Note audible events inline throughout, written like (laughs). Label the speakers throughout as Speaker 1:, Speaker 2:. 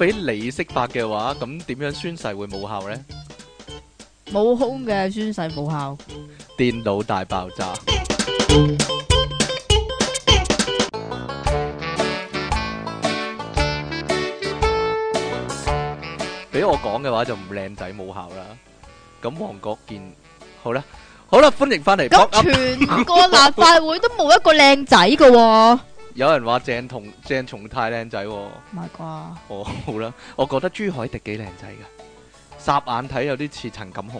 Speaker 1: 俾你釋法嘅話，咁點樣宣誓會冇效咧？
Speaker 2: 冇空嘅宣誓冇效。
Speaker 1: 電腦大爆炸。俾我講嘅話就唔靚仔冇效啦。咁黃國健，好啦，好啦，歡迎翻嚟。咁全個立法
Speaker 2: 會都冇一個靚仔㗎喎。
Speaker 1: 有人話鄭同鄭松泰靚仔，唔係啩？哦，好啦，我覺得朱海迪幾靚仔噶，霎眼睇有啲似陳錦鴻噶。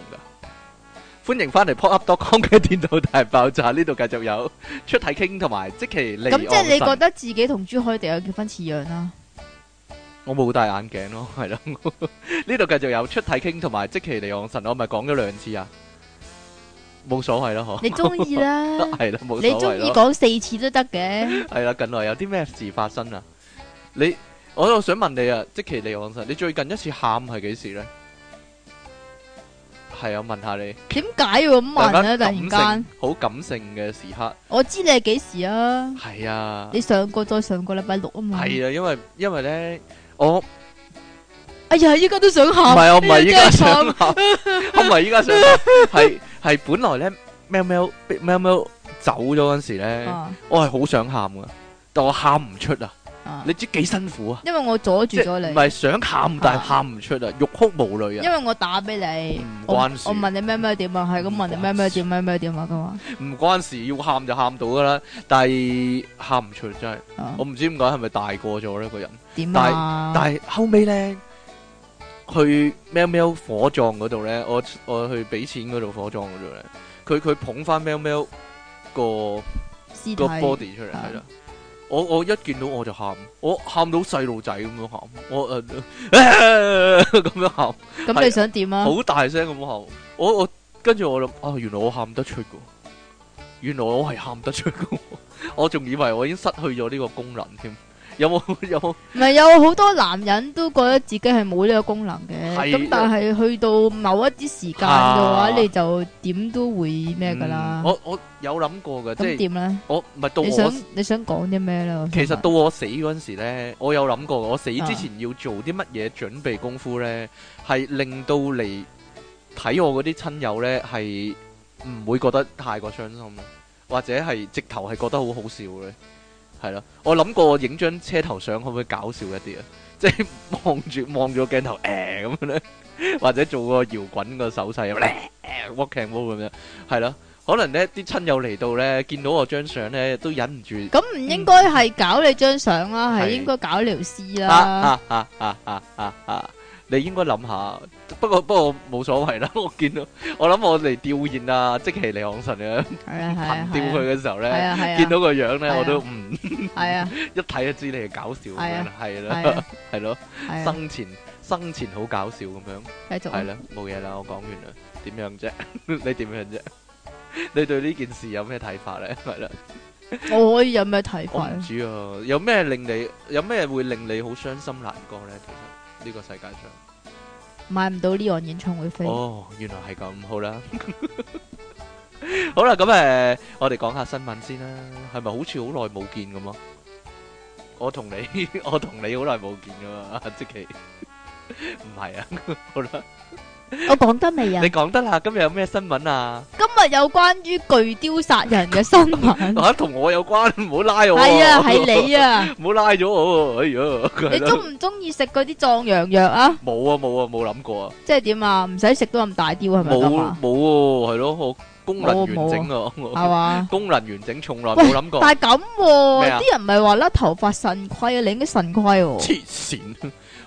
Speaker 1: 歡迎翻嚟，pop up dot com 嘅電腦大爆炸呢度繼續有出體 king 同埋積淇離岸神。咁即係你覺
Speaker 2: 得自己同朱海迪有結婚似樣啦、啊？
Speaker 1: 我冇戴眼鏡咯、啊，係囉。呢度繼續有出體 king 同埋積淇，離岸神，我咪講咗兩次啊！冇所謂咯，嗬！你中意啦，係啦，冇所謂咯。你中意講
Speaker 2: 四次都得嘅。
Speaker 1: 係啦，近來有啲咩事發生啊？你，我都想問你啊，即其你講真，你最近一次喊係幾時咧？係啊，我問下你。
Speaker 2: 點解要咁問咧？突然間
Speaker 1: 好感性嘅時刻。
Speaker 2: 我知你係幾時啊？係啊。你上個再上個禮拜六啊嘛。
Speaker 1: 係啊，因為因為咧我。
Speaker 2: 哎呀，依家都想喊，唔係我唔係依家想
Speaker 1: 喊，唔係依家想喊，係。係本來咧，喵喵，喵喵走咗嗰時咧，我係好想喊噶，但我喊唔出啊！你知幾辛苦啊？因
Speaker 2: 為我阻住咗你，唔
Speaker 1: 係想喊但係喊唔出啊，欲哭無淚啊！因為
Speaker 2: 我打俾你，我我問你喵喵點啊？係咁問你喵喵點，喵喵點
Speaker 1: 啊？咁話！唔關事，要喊就喊到噶啦，但係喊唔出真係，我唔知點解係咪大過咗呢個人？點啊？但係後尾咧。去喵喵火葬嗰度咧，我我去俾錢嗰度火葬嗰度咧，佢佢捧翻喵，喵喵個體個 body 出嚟，係啦行，我我一見到我就喊，我喊到細路仔咁樣喊，我誒咁、啊啊啊啊啊、樣喊，咁、嗯、的你想點啊？好大聲咁樣喊，我我跟住我諗，啊，原來我喊得出噶，原來我係喊得出噶，我仲 (laughs) 以為我已經失去咗呢個功能添。有冇有冇
Speaker 2: (laughs) 唔係有好多男人都覺得自己係冇呢個功能嘅，咁的但係去到某一啲時間嘅話，啊、你就點都會咩噶啦？我我
Speaker 1: 有諗過嘅，即係點咧？我唔係到你想
Speaker 2: 你想講啲咩咧？其實
Speaker 1: 到我死嗰陣時咧，我有諗過，我死之前要做啲乜嘢準備功夫咧，係、啊、令到你睇我嗰啲親友咧，係唔會覺得太過傷心，或者係直頭係覺得好好笑咧？係咯，我諗過我影張車頭相可唔可以搞笑一啲啊？即係望住望住個鏡頭誒咁樣咧，或者做個搖滾個手勢咧 walk and roll 咁樣，係咯？可能咧啲親友嚟到咧，見到我張相咧都忍唔住。咁
Speaker 2: 唔應該係搞你張相啦，係、嗯、應該搞條屍啦。啊啊啊
Speaker 1: 啊啊啊你應該諗下，不過不過冇所謂啦。我見到，我諗我嚟吊唁啊，即係離岸神啊。憑吊佢嘅時候咧，見到個樣咧，我都唔，啊，一睇就知你係搞笑咁樣，係啦，係咯，生前生前好搞笑咁樣，係啦，冇嘢啦，我講完啦，點樣啫？你點樣啫？你對呢件事有咩睇法咧？係啦，
Speaker 2: 我可以有咩睇法？
Speaker 1: 主啊，有咩令你有咩會令你好傷心難過咧？其實。呢個世界上
Speaker 2: 買唔到呢個演唱會飛
Speaker 1: 哦，原來係咁，好啦， (laughs) 好啦，咁誒、呃，我哋講下新聞先啦，係咪好似好耐冇見咁 (laughs) 啊？我同你，我同你好耐冇見噶嘛，即其唔係啊， (laughs) 好啦。我講得未啊？你講得啦，今日有咩新聞啊？
Speaker 2: 今日有關於巨雕殺人嘅新
Speaker 1: 聞。同我有關，唔好拉我。係啊，係、啊、你啊，唔好拉咗我、啊。哎你中唔
Speaker 2: 中意食嗰啲壯陽藥啊？
Speaker 1: 冇啊，冇啊，冇諗過啊。
Speaker 2: 即係點啊？唔使食到咁大雕係咪冇啊？
Speaker 1: 冇，冇係咯，我功能完整啊，係嘛、啊？啊、 (laughs) 功能完整，從來冇諗過。但係咁、
Speaker 2: 啊，啲、啊、人唔係話甩頭髮腎虧啊？你唔應該腎虧哦、啊。黐
Speaker 1: 線。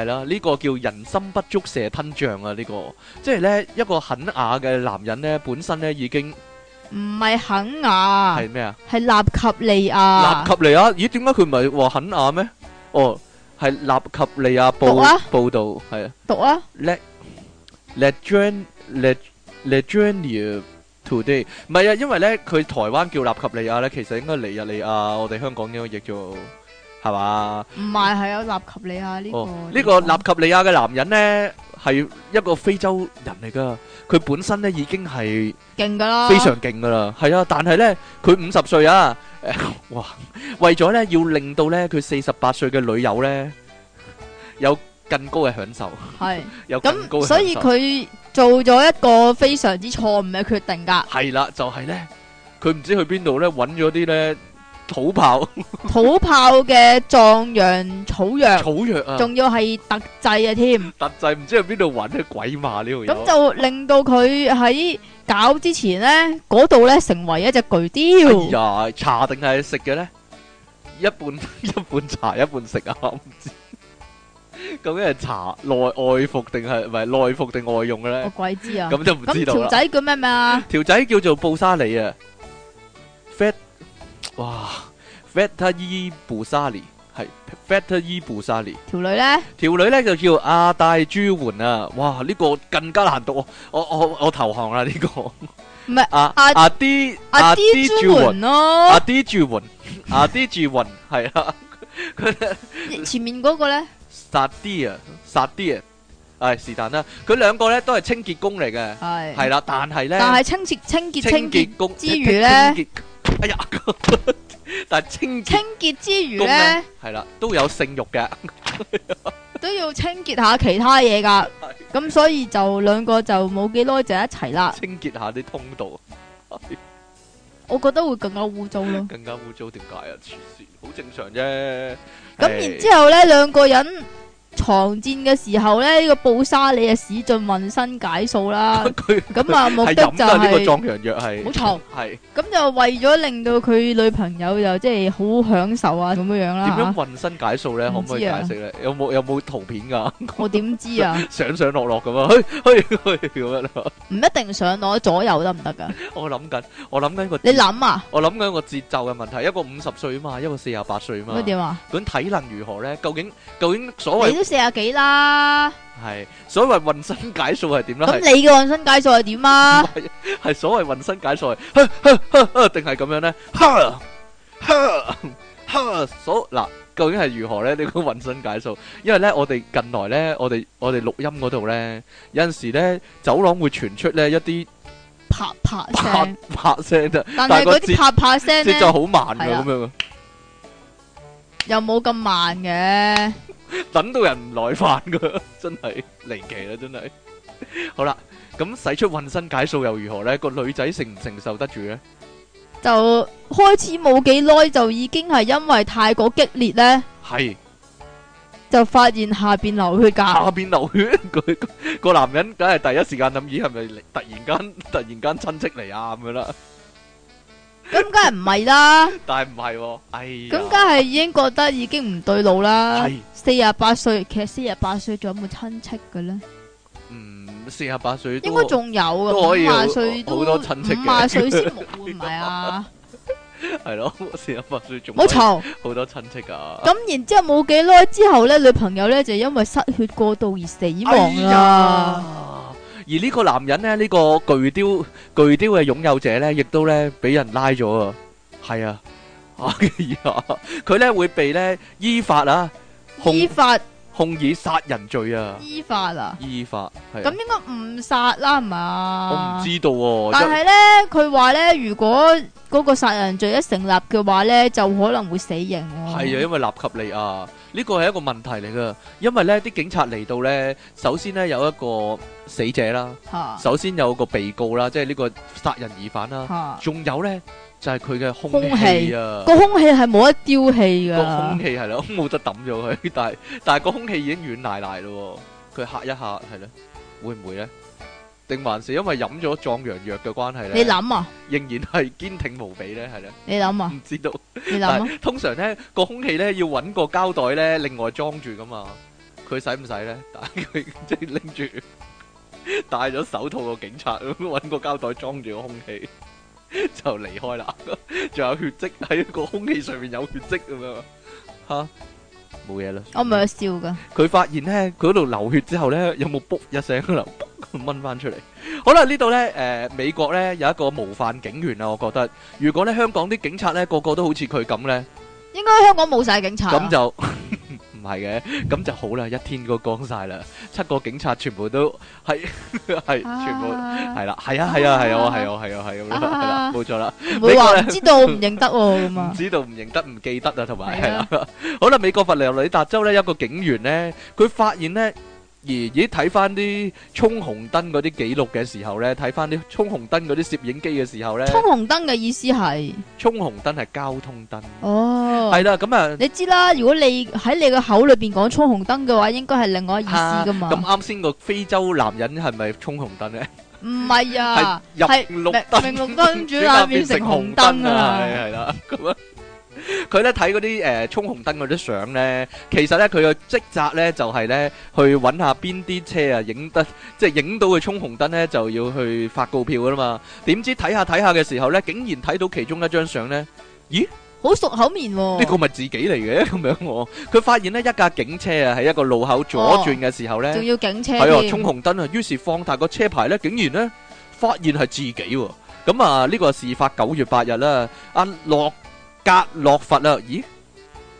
Speaker 1: 係啦，呢個叫人心不足蛇吞象啊！呢個即係咧一個肯雅嘅男人咧，本身咧已經
Speaker 2: 唔係肯雅，係咩啊？係納及利亞，納
Speaker 1: 及利亞咦？點解佢唔係話肯雅咩？哦，係納及利亞報報道係啊，讀啊，Legend Legendia Today，唔係啊，因為咧佢台灣叫納及利亞咧，其實應該尼日利亞，我哋香港應該譯做。係嘛？
Speaker 2: 唔係，係阿納及利亞
Speaker 1: 呢個？呢個納及利亞嘅男人咧，係一個非洲人嚟噶。佢本身咧已經係
Speaker 2: 勁噶啦，非常
Speaker 1: 勁噶啦。係啊，但係咧，佢五十歲啊，哇！為咗咧要令到咧佢四十八歲嘅女友咧有更高嘅享受，係，有更高嘅享受，咁，所以
Speaker 2: 佢做咗一個非常之錯誤嘅決定
Speaker 1: 噶。係啦，就係咧，佢唔知去邊度咧，揾咗啲咧。土炮，
Speaker 2: 土炮嘅壯陽
Speaker 1: 草藥，草藥啊，仲要
Speaker 2: 係特製啊添，
Speaker 1: 特製唔知去邊度搵嘅鬼嘛呢樣嘢。咁就
Speaker 2: 令到佢喺搞之前咧，
Speaker 1: 嗰度咧成為一隻巨雕。哎呀，茶定係食嘅咧？一半一半茶，一半食啊！咁樣係茶內外服定係唔係內服定外用嘅咧？我
Speaker 2: 鬼知啊！咁就唔知道啦。條仔叫咩名啊？
Speaker 1: 條仔叫做布沙里啊，Fat。哇，Fat 伊布沙尼係 Fat 伊布沙尼，條女咧？條女咧就叫阿大朱煥啊！哇，呢個更加難讀，我我我投降啦！呢個唔係阿阿阿 D 阿 D 朱煥咯，阿 D 朱煥，阿 D 朱煥係啊！佢前面嗰個咧？沙 D 啊，沙 D 啊，係是但啦。佢兩個咧都係清潔工嚟嘅，係係啦，但係咧，但係清
Speaker 2: 潔清潔清潔工之餘咧。
Speaker 1: 哎呀， (laughs) 但係清
Speaker 2: 潔之餘咧，
Speaker 1: 係啦，都有性欲嘅，
Speaker 2: (laughs) 都要清潔下其他嘢噶。
Speaker 1: 咁 (laughs) 所以就兩個就冇幾耐就一齊啦。清潔下啲通道， (laughs) (laughs)
Speaker 2: (laughs) 我覺得會更加污糟咯。
Speaker 1: 更加污糟，點解啊？好正常啫。咁然之後咧，兩
Speaker 2: (laughs) 個人。長戰嘅時候咧，呢個布沙你啊使盡渾身解數啦，
Speaker 1: 咁啊目的就係係飲啊呢個壯陽藥係，冇錯係，
Speaker 2: 咁就為咗令到佢女朋友又即係好享受啊，咁樣樣啦。點樣
Speaker 1: 渾身解數咧？可唔可以解釋咧？有冇有冇圖片噶？我
Speaker 2: 點知啊？
Speaker 1: 上上落落咁啊，去去去咁樣啦。唔
Speaker 2: 一定上落左右得唔得噶？
Speaker 1: 我諗緊，我諗緊個你諗啊？我諗緊個節奏嘅問題，一個五十歲啊嘛，一個四十八歲啊嘛。點啊？咁體能如何咧？究竟究竟所謂？
Speaker 2: 四啊十幾啦？
Speaker 1: 係所謂渾身解數係點咧？咁你嘅
Speaker 2: 渾身解數係點啊？
Speaker 1: 係所謂渾身解數，定係咁樣咧？哈哈哈！所嗱，究竟係如何咧？呢個渾身解數？因為咧，我哋近來咧，我哋我哋錄音嗰度咧，有陣時咧，走廊會傳出咧一啲
Speaker 2: 啪啪聲、
Speaker 1: 啪聲嘅。但係嗰啲啪啪聲節奏好慢嘅，咁樣嘅，
Speaker 2: 又冇咁慢嘅。
Speaker 1: 等到人唔耐煩噶，真係離奇啦，真係。好啦，咁使出渾身解數又如何呢？個女仔承唔承受得住呢？
Speaker 2: 就開始冇幾耐就已經係因為太過激烈呢，係就發現下邊流血噶，下
Speaker 1: 邊流血。個個男人梗係第一時間諗住係咪突然間突然間親戚嚟啊咁樣啦。
Speaker 2: 咁梗係唔係啦，
Speaker 1: 但係唔係，哎，咁梗係已經覺
Speaker 2: 得已經唔對路啦。四十八歲，其實四十八歲仲有冇親戚嘅咧？嗯，
Speaker 1: 四十八歲應該仲有，五十歲都好多親戚嘅。五十歲先唔係啊？係咯，四十八歲仲冇錯，好多親戚啊！咁
Speaker 2: 然之後冇幾耐之後咧，女朋友咧就因為失血過度而死亡啊！
Speaker 1: 而呢個男人咧，呢個巨雕巨雕嘅擁有者咧，亦都咧俾人拉咗啊！係啊，啊嘅嘢啊！佢咧會被咧依法啊，依法控以殺人罪啊！依法啊！依法係。咁
Speaker 2: 應該誤殺啦，係嘛？我唔知
Speaker 1: 道喎。但係
Speaker 2: 咧，佢話咧，如果嗰個殺人罪一成立嘅話咧，就可能會死刑。
Speaker 1: 係啊，因為奈及利亞啊。呢個係一個問題嚟噶，因為咧啲警察嚟到咧，首先咧有一個死者啦，哈首先有個被告啦，即係呢個殺人疑犯啦，仲哈有咧就係佢嘅空氣啊，個空
Speaker 2: 氣係冇得丟棄噶，個空
Speaker 1: 氣係咯，我冇得抌咗佢，但係但係個空氣已經軟瀨瀨咯，佢吓一吓係咯，會唔會咧？定還是因為飲咗壯陽藥嘅關係咧？你諗啊，仍然係堅挺無比咧，係咧。你諗啊，唔知道。你諗啊。通常咧個， (laughs) 個，個空氣咧要揾個膠袋咧另外裝住噶嘛，佢使唔使咧？但係佢即係拎住戴咗手套個警察揾個膠袋裝住個空氣就離開啦，仲有血跡喺個空氣上面有血跡咁樣吓？啊冇嘢啦，我
Speaker 2: 唔係笑噶。
Speaker 1: 佢發現咧，佢嗰度流血之後咧，有冇卜一聲啦，咁掹翻出嚟。 (laughs) 好啦，呢度咧，誒、呃，美國咧有一個模範警員啊。我覺得，如果咧香港啲警察咧個個都好似佢咁咧，
Speaker 2: 應該香港冇晒警察。咁
Speaker 1: 就。 (laughs) 唔係嘅，咁就好啦，一天都光晒啦，七個警察全部都係，係全部係啦，係啊，係啊，係啊，係啊，係啊，係咁啦，冇錯啦，唔會話唔知道唔認得喎，咁唔知道唔認得唔記得啊，同埋係啦，好啦，美國佛羅里達州呢，一個警員呢，佢發現呢。而咦睇翻啲沖紅燈嗰啲記錄嘅時候咧，睇翻啲沖紅燈嗰啲攝影機嘅時候咧，沖
Speaker 2: 紅燈嘅意思係
Speaker 1: 沖紅燈係交通燈
Speaker 2: 哦，係啦咁啊，你知啦，如果你喺你個口裏邊講沖紅燈嘅話，應該係另外一意思噶嘛。咁
Speaker 1: 啱先個非洲男人係咪沖紅燈咧？
Speaker 2: 唔係啊，係明綠燈明綠燈主變成紅燈啊，係啦咁啊。
Speaker 1: 佢咧睇嗰啲誒衝紅燈嗰啲相呢，其實呢，佢嘅職責呢就係、是、呢，去揾下邊啲車啊影得即係影到佢衝紅燈呢，就要去發告票㗎喇嘛。點知睇下睇下嘅時候呢，竟然睇到其中一張相呢，咦，好熟口面喎！呢個咪自己嚟嘅，咁樣喎，佢發現咧一架警車啊喺一個路口左轉嘅時候呢，仲、哦、要
Speaker 2: 警車，係啊衝紅
Speaker 1: 燈啊，於是放大個車牌呢，竟然呢，發現係自己、啊。咁啊呢、這個事發九月八日啦，阿、啊、樂。啊格洛佛啦，咦？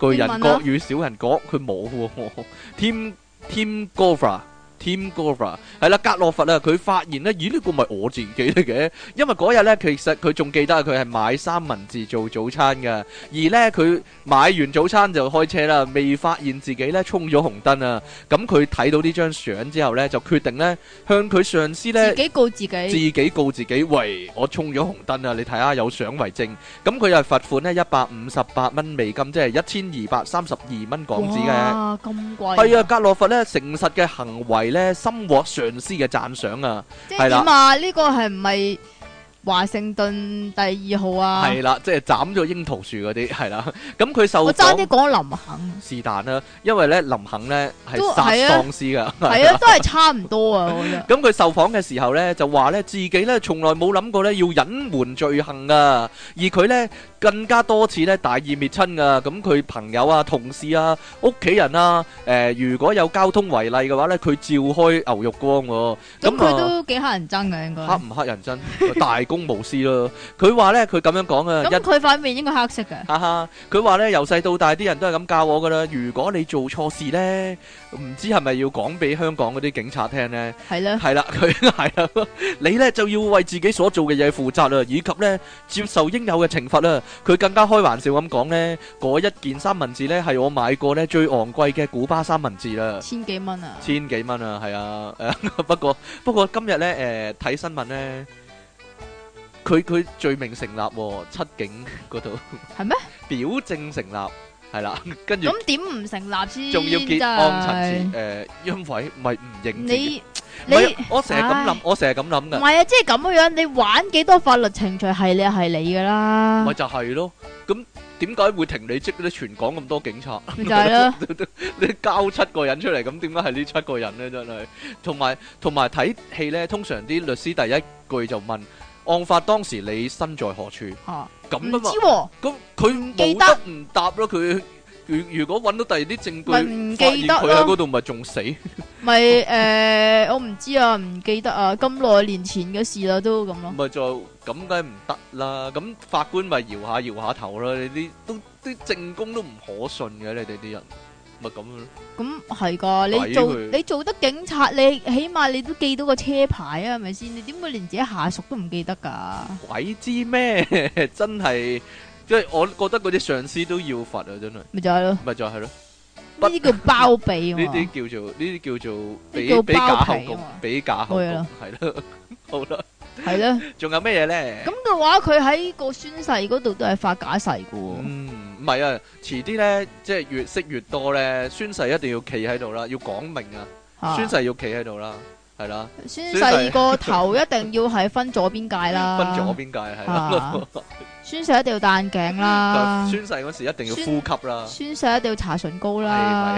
Speaker 1: 巨人國與小人國，佢冇添添。g o f a Tim Gora 係啦，格洛佛啊，佢發現咧，咦呢個唔係我自己嚟嘅，因為嗰日咧，其實佢仲記得佢係買三文治做早餐嘅，而咧佢買完早餐就開車啦，未發現自己咧衝咗紅燈啊！咁佢睇到呢張相之後咧，就決定咧向佢上司咧自己
Speaker 2: 告自己，自
Speaker 1: 己告自己，喂，我衝咗紅燈啊！你睇下有相為證，咁佢又係罰款咧一百五十八蚊美金，即係一千二百三十二蚊港紙嘅。啊，
Speaker 2: 咁貴！係啊，
Speaker 1: 格洛佛咧誠實嘅行為。咧，心獲上司嘅讚賞啊！即係點啊，
Speaker 2: 呢個係唔係華盛頓第二號啊？係
Speaker 1: 啦，即係斬咗櫻桃樹嗰啲係啦。咁佢受我差啲講林肯，是但啦，因為咧林肯咧係殺喪屍噶，係啊，都係
Speaker 2: 差唔多啊。
Speaker 1: 咁佢受訪嘅時候咧，就話咧自己咧從來冇諗過咧要隱瞞罪行啊，而佢咧。更加多次咧大義滅親噶，咁佢朋友啊、同事啊、屋企人啊，誒，如果有交通違例嘅話咧，佢照開牛肉光。咁佢都
Speaker 2: 幾黑人憎噶，應該黑唔
Speaker 1: 黑人憎？大公無私咯。佢話咧，佢咁樣講啊。咁佢
Speaker 2: 塊面應該黑色噶。
Speaker 1: 吓，佢話咧，由細到大啲人都係咁教我噶啦。如果你做錯事咧，唔知係咪要講俾香港嗰啲警察聽咧？係咧。係啦，佢係啊。你咧就要為自己所做嘅嘢負責啦，以及咧接受應有嘅懲罰啦。佢更加開玩笑咁講呢，嗰一件三文治呢係我買過呢最昂貴嘅古巴三文治啦，千幾蚊啊，千幾蚊啊，係啊，誒，不過不過今日呢，誒睇新聞呢，佢佢罪名成立，七警嗰度係咩？表證成立係啦，跟住咁
Speaker 2: 點唔成立先？仲要結案陳詞，
Speaker 1: 誒，因為咪唔認字。
Speaker 2: 我我成日咁諗，
Speaker 1: 我成日咁諗噶。唔係唉 啊，
Speaker 2: 即係咁樣樣，你玩幾多法律程序係你係你噶啦。
Speaker 1: 咪就係咯，咁點解會停你職咧？全港咁多警察係咯， (laughs) 你交七個人出嚟，咁點解係呢七個人咧？真係，同埋同埋睇戲咧，通常啲律師第一句就問案發當時你身在何處。哦、啊，咁樣啊嘛。唔知喎。咁佢冇得唔答咯？佢。如果揾到第二啲證據，發現佢喺嗰度，咪仲死？
Speaker 2: 咪誒，我唔知啊，唔記得啊，咁耐年前嘅事啦，都咁咯。
Speaker 1: 咪就咁，梗係唔得啦！咁法官咪搖下搖下頭啦，你啲都啲證供都唔可信嘅，你哋啲人咪咁咯。
Speaker 2: 咁係噶，你做你做得警察，你起碼你都記到個車牌啊，係咪先？你點會連自己下屬都唔記得㗎？鬼
Speaker 1: 知咩？真係。即係我覺得嗰啲上司都要罰啊，真係，咪就係咯。咪就係咯。呢
Speaker 2: 啲叫包庇，呢啲
Speaker 1: 叫做呢啲叫做俾俾假口供，俾假口供係咯，好啦，係啦，仲有咩嘢咧？咁
Speaker 2: 嘅話佢喺個宣誓嗰度都係發假誓噶
Speaker 1: 喎。嗯，唔係啊，遲啲咧，即係越識越多咧，宣誓一定要企喺度啦，要講明啊，宣誓、啊、要企喺度啦。係啦，宣誓個頭
Speaker 2: 一定要係分咗邊界啦。分咗邊界係啦。宣誓一定要戴眼鏡啦。宣誓嗰時一定要呼吸啦。宣誓一定要搽唇膏啦。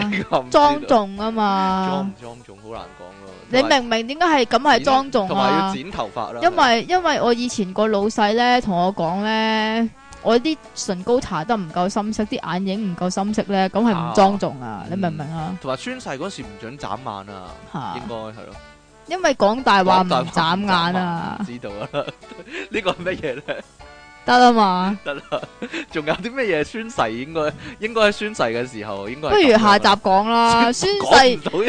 Speaker 2: 莊重啊嘛。莊唔莊重好難講咯。你明唔明？點解係咁係莊重啊？同埋要剪頭髮啦。因為因為我以前個老細咧，同我講咧，我啲唇膏搽得唔夠深色，啲眼影唔夠深色咧，咁係唔莊重啊！你明唔明啊？
Speaker 1: 同埋宣誓嗰時唔准斬眼啊，應該係咯。
Speaker 2: 因為講大話唔眨眼啊！
Speaker 1: 知道啦， (laughs) 呢個係乜嘢咧？
Speaker 2: 得啦嘛，得
Speaker 1: 啦，仲有啲乜嘢宣誓應該？應該應該係宣誓嘅時候，應該不如下集講啦。宣誓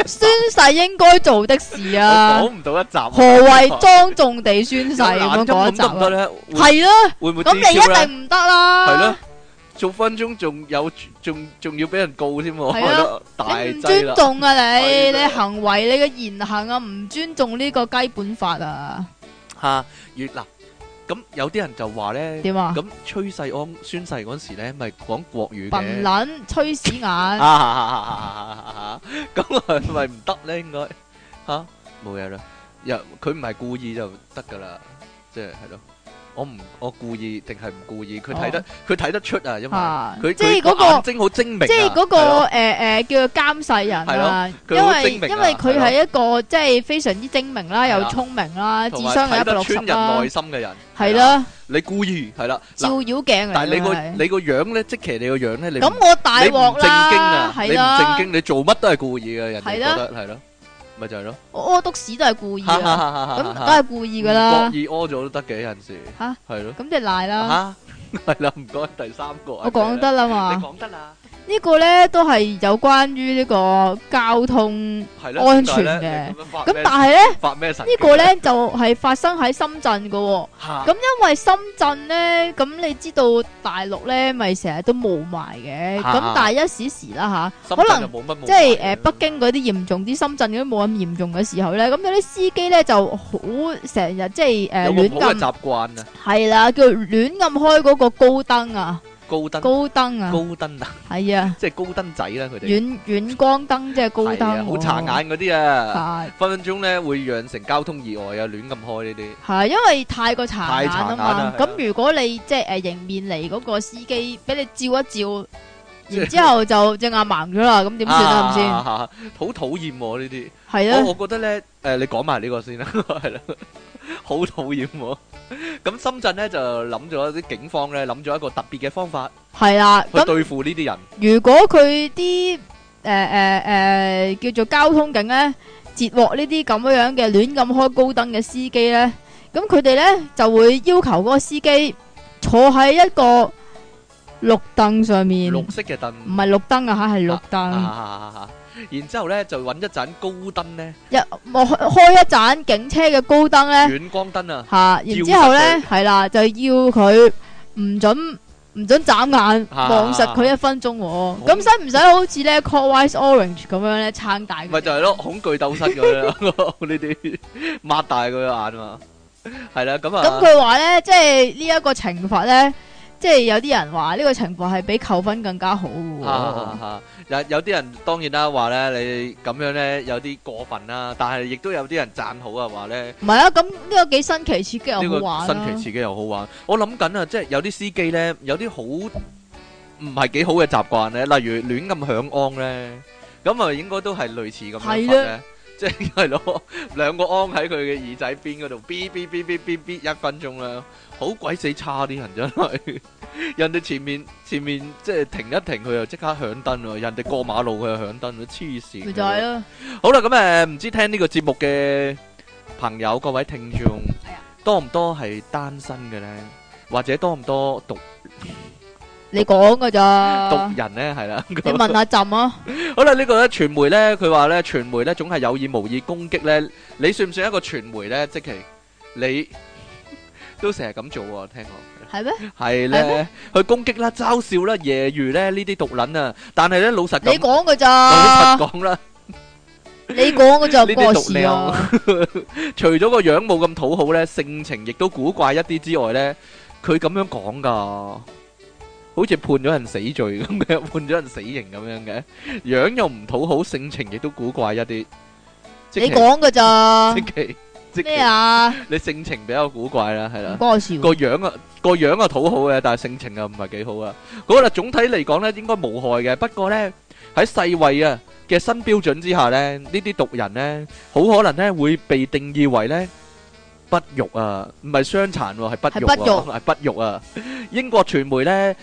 Speaker 2: 宣誓應該做的事啊，講唔
Speaker 1: (laughs) 到一集、啊，何謂莊
Speaker 2: 重地宣誓 (laughs) 得？咁得唔得
Speaker 1: 咧？係啊，行行會唔了會咁你一定唔得啦？係咯。做分鐘仲有仲仲要俾人告添喎，係、啊、 (laughs) 大劑唔了尊重啊
Speaker 2: 你， (laughs) 啊你行為你嘅言行啊，唔尊重呢個基本法啊！
Speaker 1: 吓、啊，越嗱咁有啲人就話咧，點啊？咁崔世安宣誓嗰時咧，咪講國語嘅，笨撚
Speaker 2: 吹屎眼，
Speaker 1: 咁係咪唔得咧？ (laughs) 應該吓冇嘢啦，又佢唔係故意就得噶啦，即係係咯。我唔，我故意定係唔故意？佢睇得，佢睇得出啊，因為佢佢眼睛好精明，即係嗰個
Speaker 2: 誒誒叫做監視人。係咯，因為因為佢係一個即係非常之精明啦，又聰明啦，智商有一百六十啦，仲有睇得穿人內心嘅人。係咯，
Speaker 1: 你故意係啦，照
Speaker 2: 妖鏡嚟。但係你個你
Speaker 1: 個樣咧，即係其實你個樣咧，你咁我
Speaker 2: 大鑊啦，正經啊，你唔正經，
Speaker 1: 你做乜都係故意嘅，人哋覺得係啦。咪就係咯，我
Speaker 2: 屙篤屎都係故意，咁都係故意噶啦。故
Speaker 1: 意屙咗都得嘅，有時嚇，係哈咯。咁、嗯、你賴啦，係啦、啊哈，唔 (laughs) 該第三個，我講得啦嘛，你講得啦。
Speaker 2: 個呢個咧都係有關於呢個交通安全嘅，咁但係咧，發咩神、呢發、啊、個咧就係、是、發生喺深圳嘅、哦，咁哈、嗯、因為深圳咧，咁、嗯、你知道大陸咧咪成日都霧霾嘅，咁哈但係一時時啦吓，
Speaker 1: 啊、可能即係
Speaker 2: 誒、呃、北京嗰啲嚴重啲，深圳嗰啲冇咁嚴重嘅時候咧，咁、嗯嗯嗯、有啲司機咧就好成日即係誒亂撳習慣啊，係啦，叫亂撳開嗰個高燈啊。
Speaker 1: 高燈、高燈啊！高燈啊！係 (laughs) 啊，即係高燈仔啦，佢哋遠遠光燈即係高燈，好殘眼嗰啲啊，分分鐘咧會釀成交通意外啊，亂咁開呢啲
Speaker 2: 係，因為太過殘眼啊嘛。咁如果你、啊、即係誒迎面嚟嗰個司機，俾你照一照。然之後就隻眼盲咗啦，咁點算啊？係先，
Speaker 1: 好討厭呢啲。係啊，我覺得咧，誒，你講埋呢個先啦，係啦，好討厭。咁深圳咧就諗咗啲警方咧諗咗一個特別嘅方法，
Speaker 2: 係啦，去對付呢啲人。如果佢啲誒誒誒叫做交通警咧，截獲呢啲咁樣樣嘅亂咁開高燈嘅司機咧，咁佢哋咧就會要求嗰個司機坐喺一個。綠燈上面，綠色嘅燈，唔係綠燈啊吓，係綠燈。
Speaker 1: 然之後咧就揾一盞高燈咧，
Speaker 2: 一我開一盞警車嘅高燈咧，遠光燈啊。吓，然之後咧係啦，就係要佢唔准唔准眨眼，望實佢一分鐘。咁使唔使好似咧，Clockwork Orange 咁樣咧，撐大
Speaker 1: 佢？咪就係咯，恐懼鬥室咁樣咯，呢啲擘大佢嘅眼啊嘛，係啦，咁啊。咁佢
Speaker 2: 話咧，即係呢一個懲罰咧。即係有啲人話呢個情況係比扣分更加好，啊。吓，
Speaker 1: 啊啊，有有啲人當然啦，啊，話咧你咁樣咧有啲過分啦，啊，但係亦都有啲人讚好啊，話咧唔
Speaker 2: 係啊！咁呢個幾新奇刺激又好玩，啊。新奇刺
Speaker 1: 激又好玩。我諗緊啊，即係有啲司機咧，有啲好唔係幾好嘅習慣咧，例如亂咁響安咧，咁啊應該都係類似咁樣嘅，啊，的 (laughs) 即係係咯，兩個安喺佢嘅耳仔邊嗰度，嗶嗶嗶嗶嗶嗶，一分鐘啦。好鬼死差啲人真係，人哋前面前面即係停一停，佢又即刻響燈咯。人哋過馬路佢又響燈，黐線。咪就係咯。好啦，咁誒，唔知聽呢個節目嘅朋友，各位聽眾，多唔多係單身嘅呢？或者多唔多獨？你
Speaker 2: 講㗎咋？獨
Speaker 1: 人呢係啦。你問下
Speaker 2: 朕啊。好
Speaker 1: 啦，呢個呢傳媒呢，佢話呢傳媒呢總係有意無意攻擊呢。你算唔算一個傳媒呢？積淇，你？都成日咁做喎，聽講係咩？係咧，去攻擊啦，嘲笑啦，揶揄咧呢啲毒撚啊！但係咧老實講，你講噶咋？老實講啦，你
Speaker 2: 講噶咋？呢啲毒靚，
Speaker 1: 除咗個樣冇咁討好咧，性情亦都古怪一啲之外咧，佢咁樣講噶，好似判咗人死罪咁嘅，判咗人死刑咁樣嘅，樣又唔討好，性情亦都古怪一啲。你講噶咋？咩啊？你性情比較古怪啦，係啦，個樣啊，個樣啊討好嘅，但係性情啊唔係幾好啊。嗰啦總體嚟講咧應該無害嘅，不過咧喺世衞啊嘅新標準之下咧，呢啲毒人咧好可能咧會被定義為咧。不育啊，唔係傷殘喎，係不育啊，係不育啊。英國傳媒咧，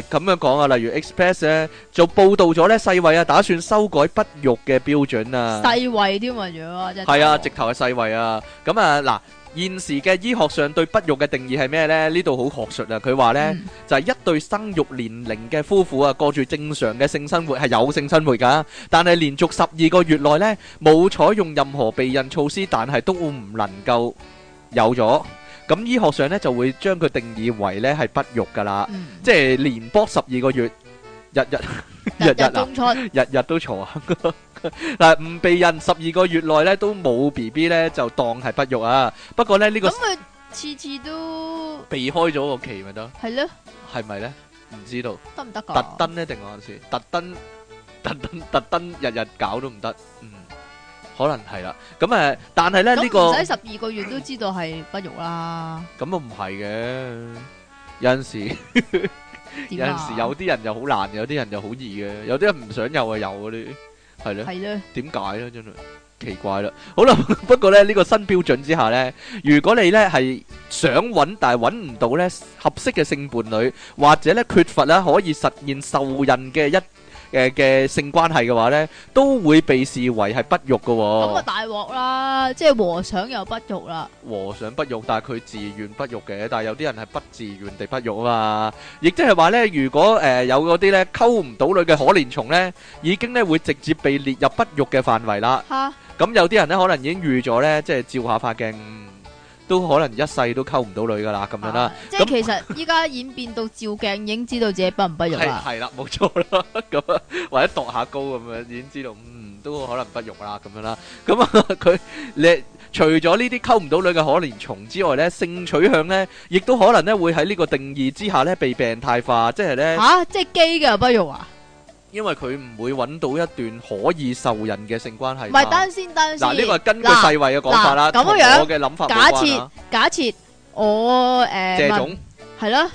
Speaker 1: 誒咁樣講啊，例如 Express 咧就報道咗咧，世衞啊打算修改不育嘅標準啊。世
Speaker 2: 衞添啊，仲話真係係啊，
Speaker 1: 直頭係世衞啊。咁啊，嗱現時嘅醫學上對不育嘅定義係咩咧？呢度好學術啊。佢話咧就係一對生育年齡嘅夫婦啊，過住正常嘅性生活係有性生活㗎，但係連續十二個月內咧冇採用任何避孕措施，但係都唔能夠。有咗咁醫學上咧就會將佢定義為咧係不育噶啦，嗯、即係連播十二個月，日日 (laughs) 日日啊，日日都嘈，啊！嗱，唔避孕十二個月內咧都冇 B B 咧就當係不育啊。不過咧呢個咁佢
Speaker 2: 次次都
Speaker 1: 避開咗個期咪得係咯？係咪咧？唔知道得唔得噶？特登咧定還是特登特登特登日日搞都唔得嗯。可能係啦，咁、嗯、誒，但係咧呢個唔使
Speaker 2: 十二個月都知道係不育啦。
Speaker 1: 咁啊唔係嘅，有陣時、 (laughs) 啊、有陣時有啲人又好難，有啲人又好易嘅，有啲人唔想有啊有嗰啲，係咯，係咯的，點解咧真係奇怪啦。好啦，不過咧呢、這個新標準之下咧，如果你咧係想揾但係揾唔到咧合適嘅性伴侶，或者咧缺乏咧可以實現受孕嘅一。誒嘅性關係嘅話呢，都會被視為係不育嘅，哦。咁
Speaker 2: 啊大鑊啦，即係和尚又不育啦。
Speaker 1: 和尚不育，但係佢自願不育嘅。但係有啲人係不自願地不育啊嘛。亦即係話呢，如果誒、呃、有嗰啲呢溝唔到女嘅可憐蟲呢，已經呢會直接被列入不育嘅範圍啦。吓咁哈有啲人呢，可能已經預咗呢，即係照下法鏡。都可能一世都溝唔到女噶啦，咁樣啦。那
Speaker 2: 即係其實依家演變到照鏡已經知道自己不唔不育
Speaker 1: 啦。係啦， (laughs) 冇錯啦。咁啊，或者度下高咁樣已經知道，嗯，都可能不育啦，咁樣啦。咁啊，佢你除咗呢啲溝唔到女嘅可憐蟲之外咧，性取向咧，亦都可能咧會喺呢個定義之下咧被病態化，即係咧吓，
Speaker 2: 即係基嘅不育啊！
Speaker 1: 因為佢唔會揾到一段可以受孕嘅性關係。唔係單
Speaker 2: 先單先。嗱、啊，呢個係根據世衛嘅講法啦，咁、啊、我嘅諗法假設。假設假設我誒，呃、謝總係啦，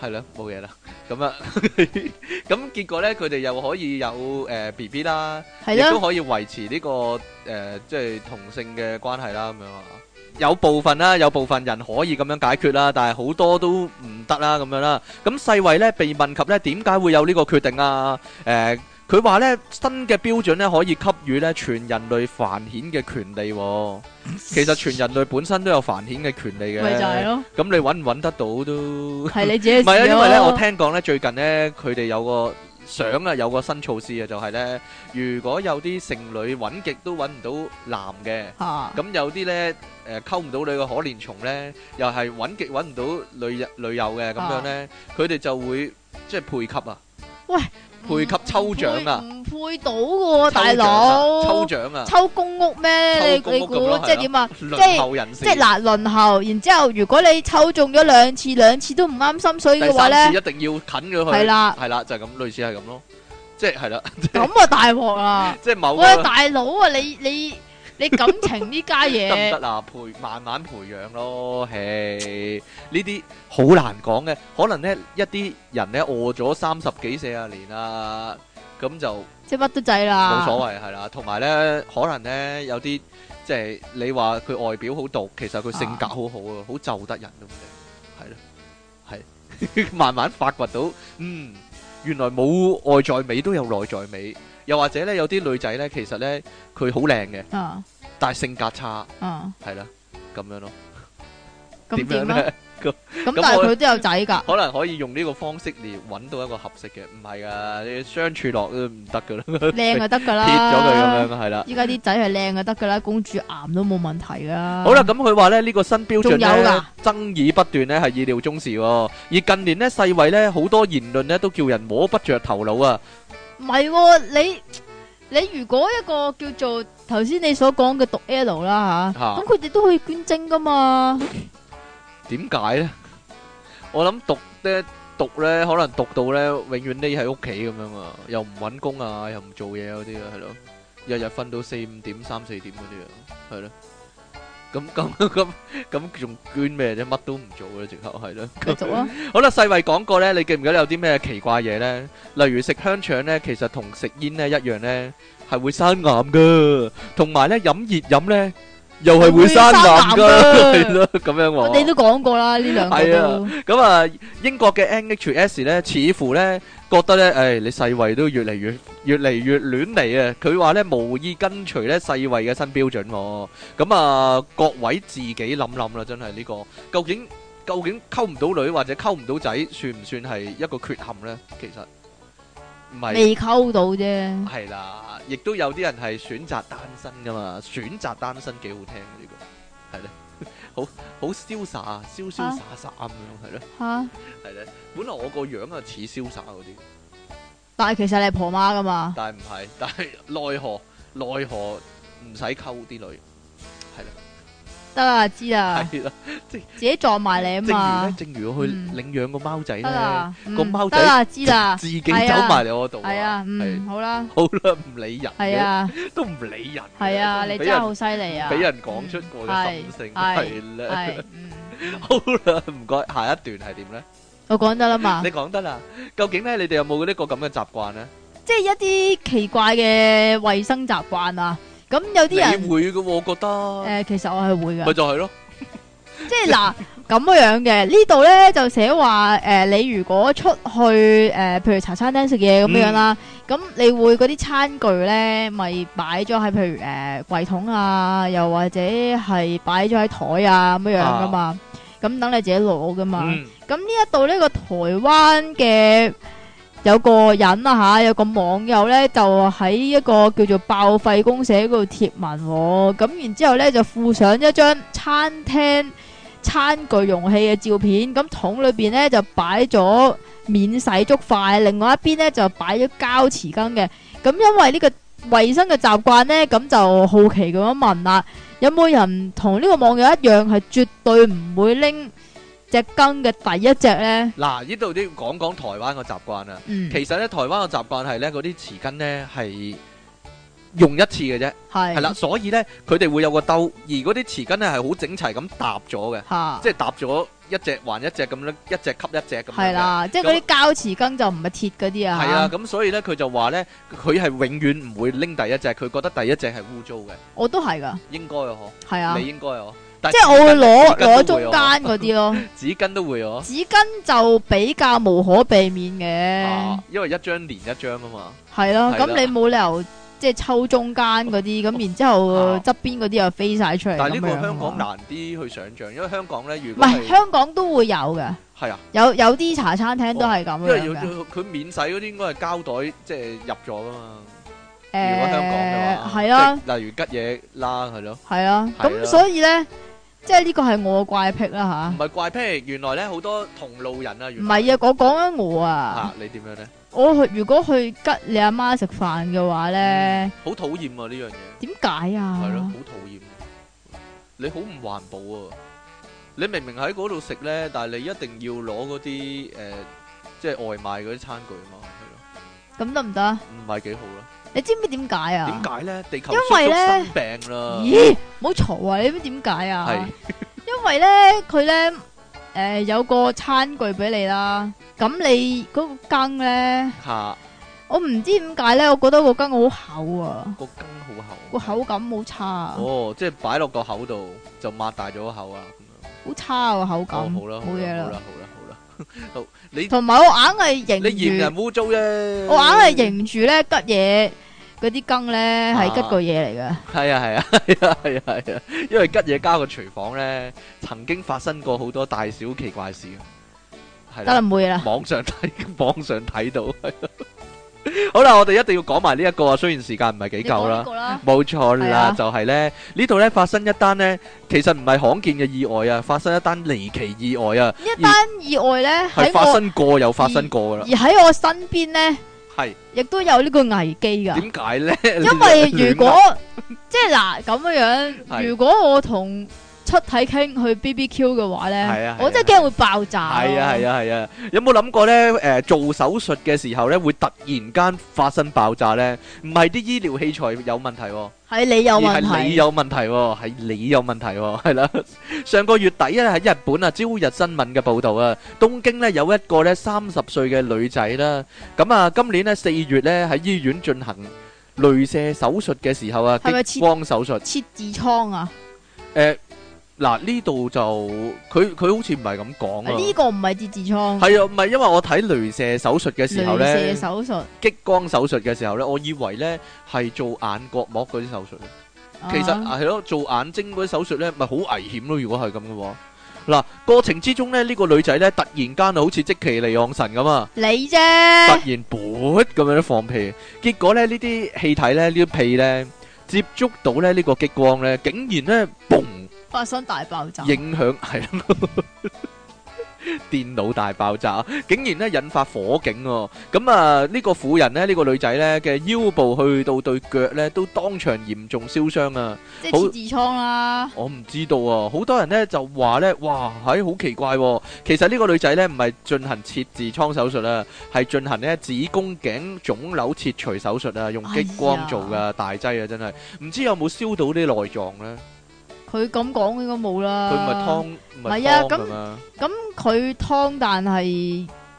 Speaker 1: 係啦，冇嘢啦。咁啊，咁、 (laughs) 嗯、結果咧，佢哋又可以有誒、呃、B B 啦，亦都啦可以維持呢、這個誒，即、呃、係、就是、同性嘅關係啦，咁樣啊。有部分啦，有部分人可以咁樣解決啦，但係好多都唔得啦咁樣啦。咁世衛呢，被問及呢，點解會有呢個決定啊？誒，佢話呢，新嘅標準呢，可以給予呢，全人類繁衍嘅權利喎。其實全人類本身都有繁衍嘅權利嘅。咪就係咯。咁你揾唔揾得到都係你自己，唔係啊？因為呢，我聽講呢，最近呢佢哋有個。想啊，有個新措施啊，就係、是、咧，如果有啲剩女揾極都揾唔到男嘅，咁、啊、有啲呢誒溝唔到女嘅可憐蟲呢，又係揾極揾唔到女日女友嘅咁樣呢，佢哋、啊、就會即係配給啊！喂。配及抽獎啊！唔
Speaker 2: 配，配到嘅喎，大佬！抽獎啊！抽，啊抽，啊抽公屋咩？屋你估、啊，即係點啊？即係人，即係嗱輪候。然之後，如果你抽中咗兩次，兩次都唔啱心水嘅話咧，一
Speaker 1: 定要近咗去。係啦，係啦，就係、是、咁，類似係咁咯，即係係啦。
Speaker 2: 咁啊，大鑊啊！
Speaker 1: 即係某個喂，大
Speaker 2: 佬啊，你你。你 (laughs) 你感情呢家嘢得唔得
Speaker 1: 啊？培慢慢培養咯，嘿，呢啲好難講嘅，可能呢一啲人呢，餓咗三十幾四十年啊，咁就
Speaker 2: 即係乜都制啦，冇所
Speaker 1: 謂係啦。同埋呢，可能呢，有啲即係你話佢外表好毒，其實佢性格好好啊，好、啊、就得人咯，係咯，係 (laughs) 慢慢發掘到，嗯，原來冇外在美都有內在美。又或者咧，有啲女仔咧，其實咧佢好靚嘅，但係性格差，係啦咁樣咯。點樣咧？咁咁，但係佢都有仔噶。可能可以用呢個方式嚟揾到一個合適嘅。唔係啊，你相處落都唔得噶啦。靚就得噶啦，撇咗佢咁樣係啦。依家啲
Speaker 2: 仔係靚就得噶啦，公主癌都冇問題噶。好啦，
Speaker 1: 咁佢話咧呢個新標準咧，爭議不斷咧，係意料中事喎。而近年咧，世衛咧好多言論咧，都叫人摸不着頭腦啊。
Speaker 2: 唔係，你你如果一個叫做頭先你所講嘅讀 L 啦吓，咁佢哋都可以捐精噶嘛？
Speaker 1: 點解呢？我諗讀咧讀咧，可能讀到咧永遠匿喺屋企咁樣啊，又唔搵工啊，又唔做嘢嗰啲啊，係咯，日日瞓到四五點、三四點嗰啲啊，係咯。咁咁咁咁仲捐咩啫？乜都唔做嘅，直頭係啦。繼續啊。好啦，世衛講過咧，你記唔記得有啲咩奇怪嘢咧？例如食香腸咧，其實同食煙咧一樣咧，係會生癌噶。同埋咧，飲熱飲咧，又係會生癌噶。係咯，咁樣。我哋
Speaker 2: 都講過啦，呢兩個。係啊。
Speaker 1: 咁啊，英國嘅 NHS 咧，似乎咧。覺得咧，誒、哎，你世衛都越嚟越越嚟越亂嚟啊！佢話咧無意跟隨咧世衛嘅新標準，咁、哦嗯、啊各位自己諗諗啦，真係呢、這個究竟究竟溝唔到女或者溝唔到仔，算唔算係一個缺陷呢？其實唔係未溝
Speaker 2: 到啫，
Speaker 1: 係啦，亦都有啲人係選擇單身噶嘛，選擇單身幾好聽呢、這個係咧。好好瀟灑，瀟灑啊，瀟瀟灑灑咁樣，係咯，係咧。本來我個樣啊似瀟灑嗰啲，
Speaker 2: 但係其實你係婆媽噶嘛。
Speaker 1: 但係唔係，但係奈何奈何唔使溝啲女。
Speaker 2: 得啦，知啦，係啦，即係自己撞埋嚟啊嘛。正如咧，
Speaker 1: 正如我去領養個貓仔咧，個貓仔自己走埋嚟我度。係啊，嗯，好啦，好啦，唔理人，係啊，都唔理人，係啊，你真係好犀利啊，俾人講出我嘅屬性，係啦，係，嗯，好啦，唔該，下一段係點咧？
Speaker 2: 我講得啦嘛，你
Speaker 1: 講得啦。究竟咧，你哋有冇呢個咁嘅習慣咧？
Speaker 2: 即係一啲奇怪嘅衛生習慣啊。咁有啲人
Speaker 1: 會嘅，我覺得。誒、呃，
Speaker 2: 其實我係會嘅。咪就係
Speaker 1: 咯，
Speaker 2: (laughs) 即係嗱咁嘅樣嘅呢度咧，就寫話誒，你如果出去誒、呃，譬如茶餐廳食嘢咁樣啦，咁、嗯、你會嗰啲餐具咧，咪擺咗喺譬如誒、呃、櫃桶啊，又或者係擺咗喺台啊咁樣噶嘛，咁等、啊、你自己攞噶嘛。咁呢一度呢個台灣嘅。有個人啊吓，有個網友呢，就喺一個叫做爆廢公社嗰度貼文，咁、哦嗯、然之後咧就附上一張餐廳餐具容器嘅照片，咁、嗯、桶裏邊呢，就擺咗免洗竹筷，另外一邊呢，就擺咗膠匙羹嘅，咁、嗯、因為呢個衛生嘅習慣呢，咁就好奇咁樣問啦，有冇人同呢個網友一樣係絕對唔會拎？隻羹嘅第一隻呢？
Speaker 1: 嗱呢度都要講講台灣嘅習慣啊。其實呢，台灣嘅習慣係呢，嗰啲匙羹呢係用一次嘅啫，係係啦，所以呢，佢哋會有個兜，而嗰啲匙羹呢係好整齊咁搭咗嘅，即係搭咗一隻還一隻咁一隻吸一隻咁。係啦，即係嗰啲
Speaker 2: 膠匙羹就唔係鐵嗰啲啊。係啊，
Speaker 1: 咁所以呢，佢就話呢，佢係永遠唔會拎第一隻，佢覺得第一隻係污糟嘅。
Speaker 2: 我都係噶，應該啊，係啊，你應該即係我會攞攞中間嗰啲咯，
Speaker 1: 紙巾都會哦。紙巾
Speaker 2: 就比較無可避免嘅，
Speaker 1: 因為一張連一張啊嘛。係咯，咁你冇
Speaker 2: 理由即係抽中間嗰啲，咁然之後側邊嗰啲又飛晒出嚟。但係呢個香
Speaker 1: 港難啲去想象，因為香港咧，如果唔係香
Speaker 2: 港都會有嘅。係啊，有有啲茶餐廳都係咁樣嘅。因為
Speaker 1: 佢免洗嗰啲應該係膠袋，即係入咗啊嘛。誒，如果香
Speaker 2: 港嘅話，
Speaker 1: 係啊，例如吉嘢啦，係咯，係啊，咁所以咧。
Speaker 2: 即係呢個係我嘅怪癖啦吓，
Speaker 1: 唔係怪癖，原來咧好多同路人啊，原來，唔係啊，我講緊我啊，吓，啊，你點樣咧？
Speaker 2: 我去如果去吉你阿媽食飯嘅話咧，
Speaker 1: 好討厭啊呢樣嘢，點解啊？係咯，好討厭，你好唔環保啊！你明明喺嗰度食咧，但係你一定要攞嗰啲誒，即係外賣嗰啲餐具嘛。咁得唔得啊？唔係幾好啦。
Speaker 2: 你知唔知點解啊？點解
Speaker 1: 咧？地球因為咧生病啦。咦？
Speaker 2: 冇嘈啊！你知點解啊？係。因為咧，佢咧誒有個餐具俾你啦。咁你嗰個羹咧吓，我唔知點解咧，我覺得個羹我好厚啊。
Speaker 1: 個羹好厚。個口
Speaker 2: 感好差。
Speaker 1: 哦，即係擺落個口度就擘大咗個口啊。
Speaker 2: 好差啊個口感。好啦，好嘢啦。好啦，
Speaker 1: 好啦，好啦，好。同埋你我硬係認住，你嫌人污糟啫。我硬係認
Speaker 2: 住咧吉嘢嗰啲羹咧，係吉個嘢嚟噶。
Speaker 1: 係啊係啊係啊係啊，啊，啊，啊，啊，啊。因為吉嘢家個廚房咧，曾經發生過好多大小奇怪事。得啦，啊，冇嘢啦。網上睇，網上睇到。好啦，我哋一定要講埋呢一個啊，雖然時間唔係幾夠啦，冇錯啦，就係呢呢度呢發生一單呢，其實唔係罕見嘅意外啊，發生一單離奇意外啊，一單
Speaker 2: 意外呢係發生過又發生過啦，而喺我身邊呢係亦都有呢個危機噶，點解呢？因為如果即係嗱咁樣樣，如果我同。出體 king 去 BBQ 嘅話咧，我真係驚會爆炸。係啊係
Speaker 1: 啊係啊！有冇諗過咧？誒，做手術嘅時候咧，會突然間發生爆炸咧？唔係啲醫療器材有問題，係你有問題，而係你有問題，係你有問題，係啦。上個月底咧，喺日本啊，《朝日新聞》嘅報導啊，東京咧有一個咧三十歲嘅女仔啦。咁啊，今年咧四月咧喺醫院進行鐳射手術嘅時候啊，係咪激光手術？切
Speaker 2: 痔瘡啊？
Speaker 1: 誒。嗱，呢度就佢佢好似唔係咁講。呢
Speaker 2: 個唔係折痔瘡，係啊，唔
Speaker 1: 係因為我睇雷射手術嘅時候呢，雷射手術激光手術嘅時候呢，我以為呢係做眼角膜嗰啲手術，其實係咯、啊、做眼睛嗰啲手術呢，咪好危險咯。如果係咁嘅話，嗱，過程之中呢，呢個女仔呢，突然間好似積淇離岸神咁啊，你啫突然噗咁樣放屁，結果呢，呢啲氣體呢，呢啲屁呢，接觸到呢，呢個激光呢，竟然呢。嘣！
Speaker 2: 發生大爆炸，影
Speaker 1: 響係啦，電腦大爆炸啊！竟然咧引發火警哦！咁啊，呢個婦人咧，呢個女仔咧嘅腰部去到對腳咧，都當場嚴重燒傷啊！即係切痔
Speaker 2: 瘡啦，
Speaker 1: 我唔知道啊！好多人咧就話咧，哇，哎好奇怪，其實呢個女仔咧唔係進行切痔瘡手術啊，係進行咧子宮頸腫瘤切除手術啊，用激光做㗎大劑啊，真係唔知有冇燒到啲內臟咧。
Speaker 2: 佢咁講應該冇啦，佢唔係啊，咁咁佢湯但係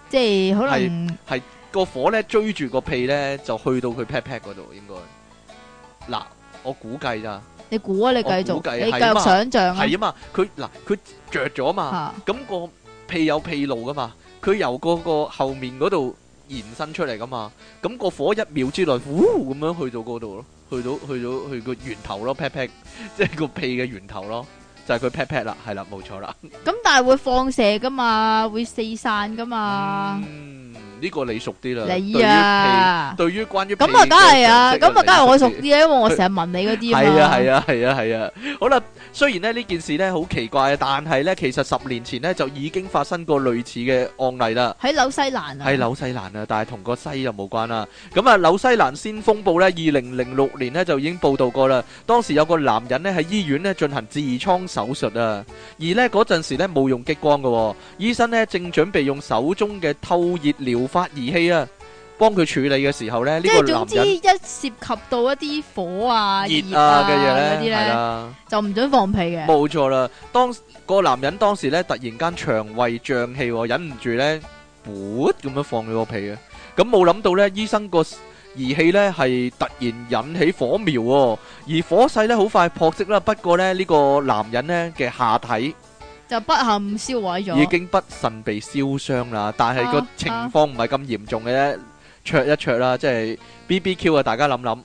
Speaker 2: 即係可能係
Speaker 1: 係、個火咧追住個屁咧就去到佢 pat 嗰度應該嗱我估計咋你，
Speaker 2: 啊你估啊你繼續你繼續想象係嘛啊
Speaker 1: 嘛佢嗱佢着咗嘛咁、啊、個屁有屁路噶嘛佢由嗰個後面嗰度延伸出嚟噶嘛咁、個火一秒之內嗚咁樣去到嗰度咯。去到去到去個源頭咯，pat pat，即係個屁嘅源頭咯，就係佢 pat pat 啦，係啦，冇錯啦。
Speaker 2: 咁但係會放射噶嘛，會四散噶嘛。
Speaker 1: 嗯。呢個你熟啲啦，你啊，對於關於咁啊，梗係啊，咁啊，梗係我熟
Speaker 2: 啲啊，因為我成日問你嗰啲啊嘛。係啊，係
Speaker 1: 啊，係啊，係啊，啊。好啦，雖然咧呢件事呢好奇怪啊，但係呢其實十年前呢就已經發生過類似嘅案例啦。喺
Speaker 2: 紐西蘭啊，喺紐
Speaker 1: 西蘭啊，但係同個西又冇關啦。咁、嗯、啊，紐西蘭先鋒報呢，二零零六年呢就已經報道過啦。當時有個男人呢喺醫院呢進行痔瘡手術啊，而呢嗰陣時咧冇用激光嘅，醫生呢，醫生呢正準備用手中嘅透熱療發儀器啊，幫佢處理嘅時候咧，呢個男人總
Speaker 2: 之一涉及到一啲火啊、熱啊嘅嘢咧，就唔准放屁嘅。冇
Speaker 1: 錯啦，當個男人當時咧突然間腸胃脹氣，忍唔住咧，噗咁樣放咗個屁啊。咁冇諗到咧，醫生個儀器咧係突然引起火苗，而火勢咧好快撲熄啦。不過咧呢個男人咧嘅下體。
Speaker 2: 就不幸燒毀咗，已
Speaker 1: 經不慎被燒傷啦。但係個情況唔係咁嚴重嘅啫，灼、啊啊、一灼啦，即係 B B Q 啊！大家諗諗。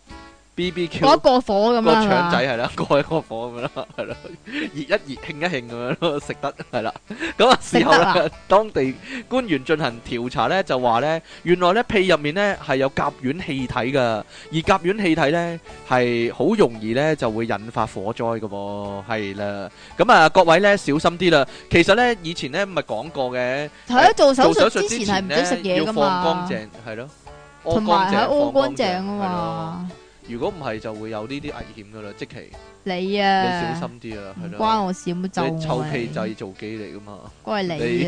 Speaker 1: B B Q 過過火咁樣，個腸仔係啦，過一過火咁樣，係啦，熱一熱，興一興咁樣咯，食得係啦。咁啊，事後啊，當地官員進行調查咧，就話咧，原來咧屁入面咧係有甲烷氣體嘅，而甲烷氣體咧係好容易咧就會引發火災嘅喎，係啦。咁啊，各位咧小心啲啦。其實咧以前咧唔係講過嘅，係啊，做手術之前係唔準食嘢嘅嘛，要放乾淨係咯，
Speaker 2: 屙乾淨放乾淨啊嘛。
Speaker 1: 如果唔係就會有呢啲危險噶啦，即係，你啊，要小心啲啊，係咯，關我事吧你臭屁製造機嚟噶嘛，怪你你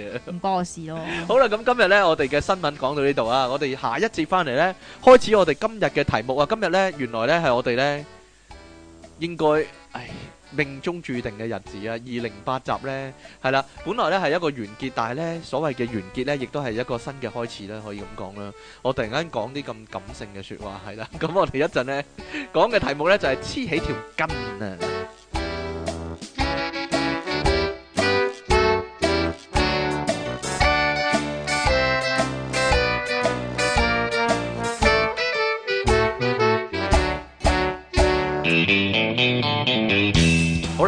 Speaker 1: 啊，唔 (laughs) 的關我事咯。 (laughs) 好啦，咁今日咧，我哋嘅新聞講到呢度啊，我哋下一節翻嚟咧，開始我哋今日嘅題目啊，今日咧原來咧係我哋咧。應該唉命中注定嘅日子啊！二零八集呢，係啦，本來呢係一個完結，但係呢所謂嘅完結呢，亦都係一個新嘅開始啦，可以咁講啦。我突然間講啲咁感性嘅説話係啦，咁我哋一陣呢，講嘅題目呢，就係黐起條筋啊！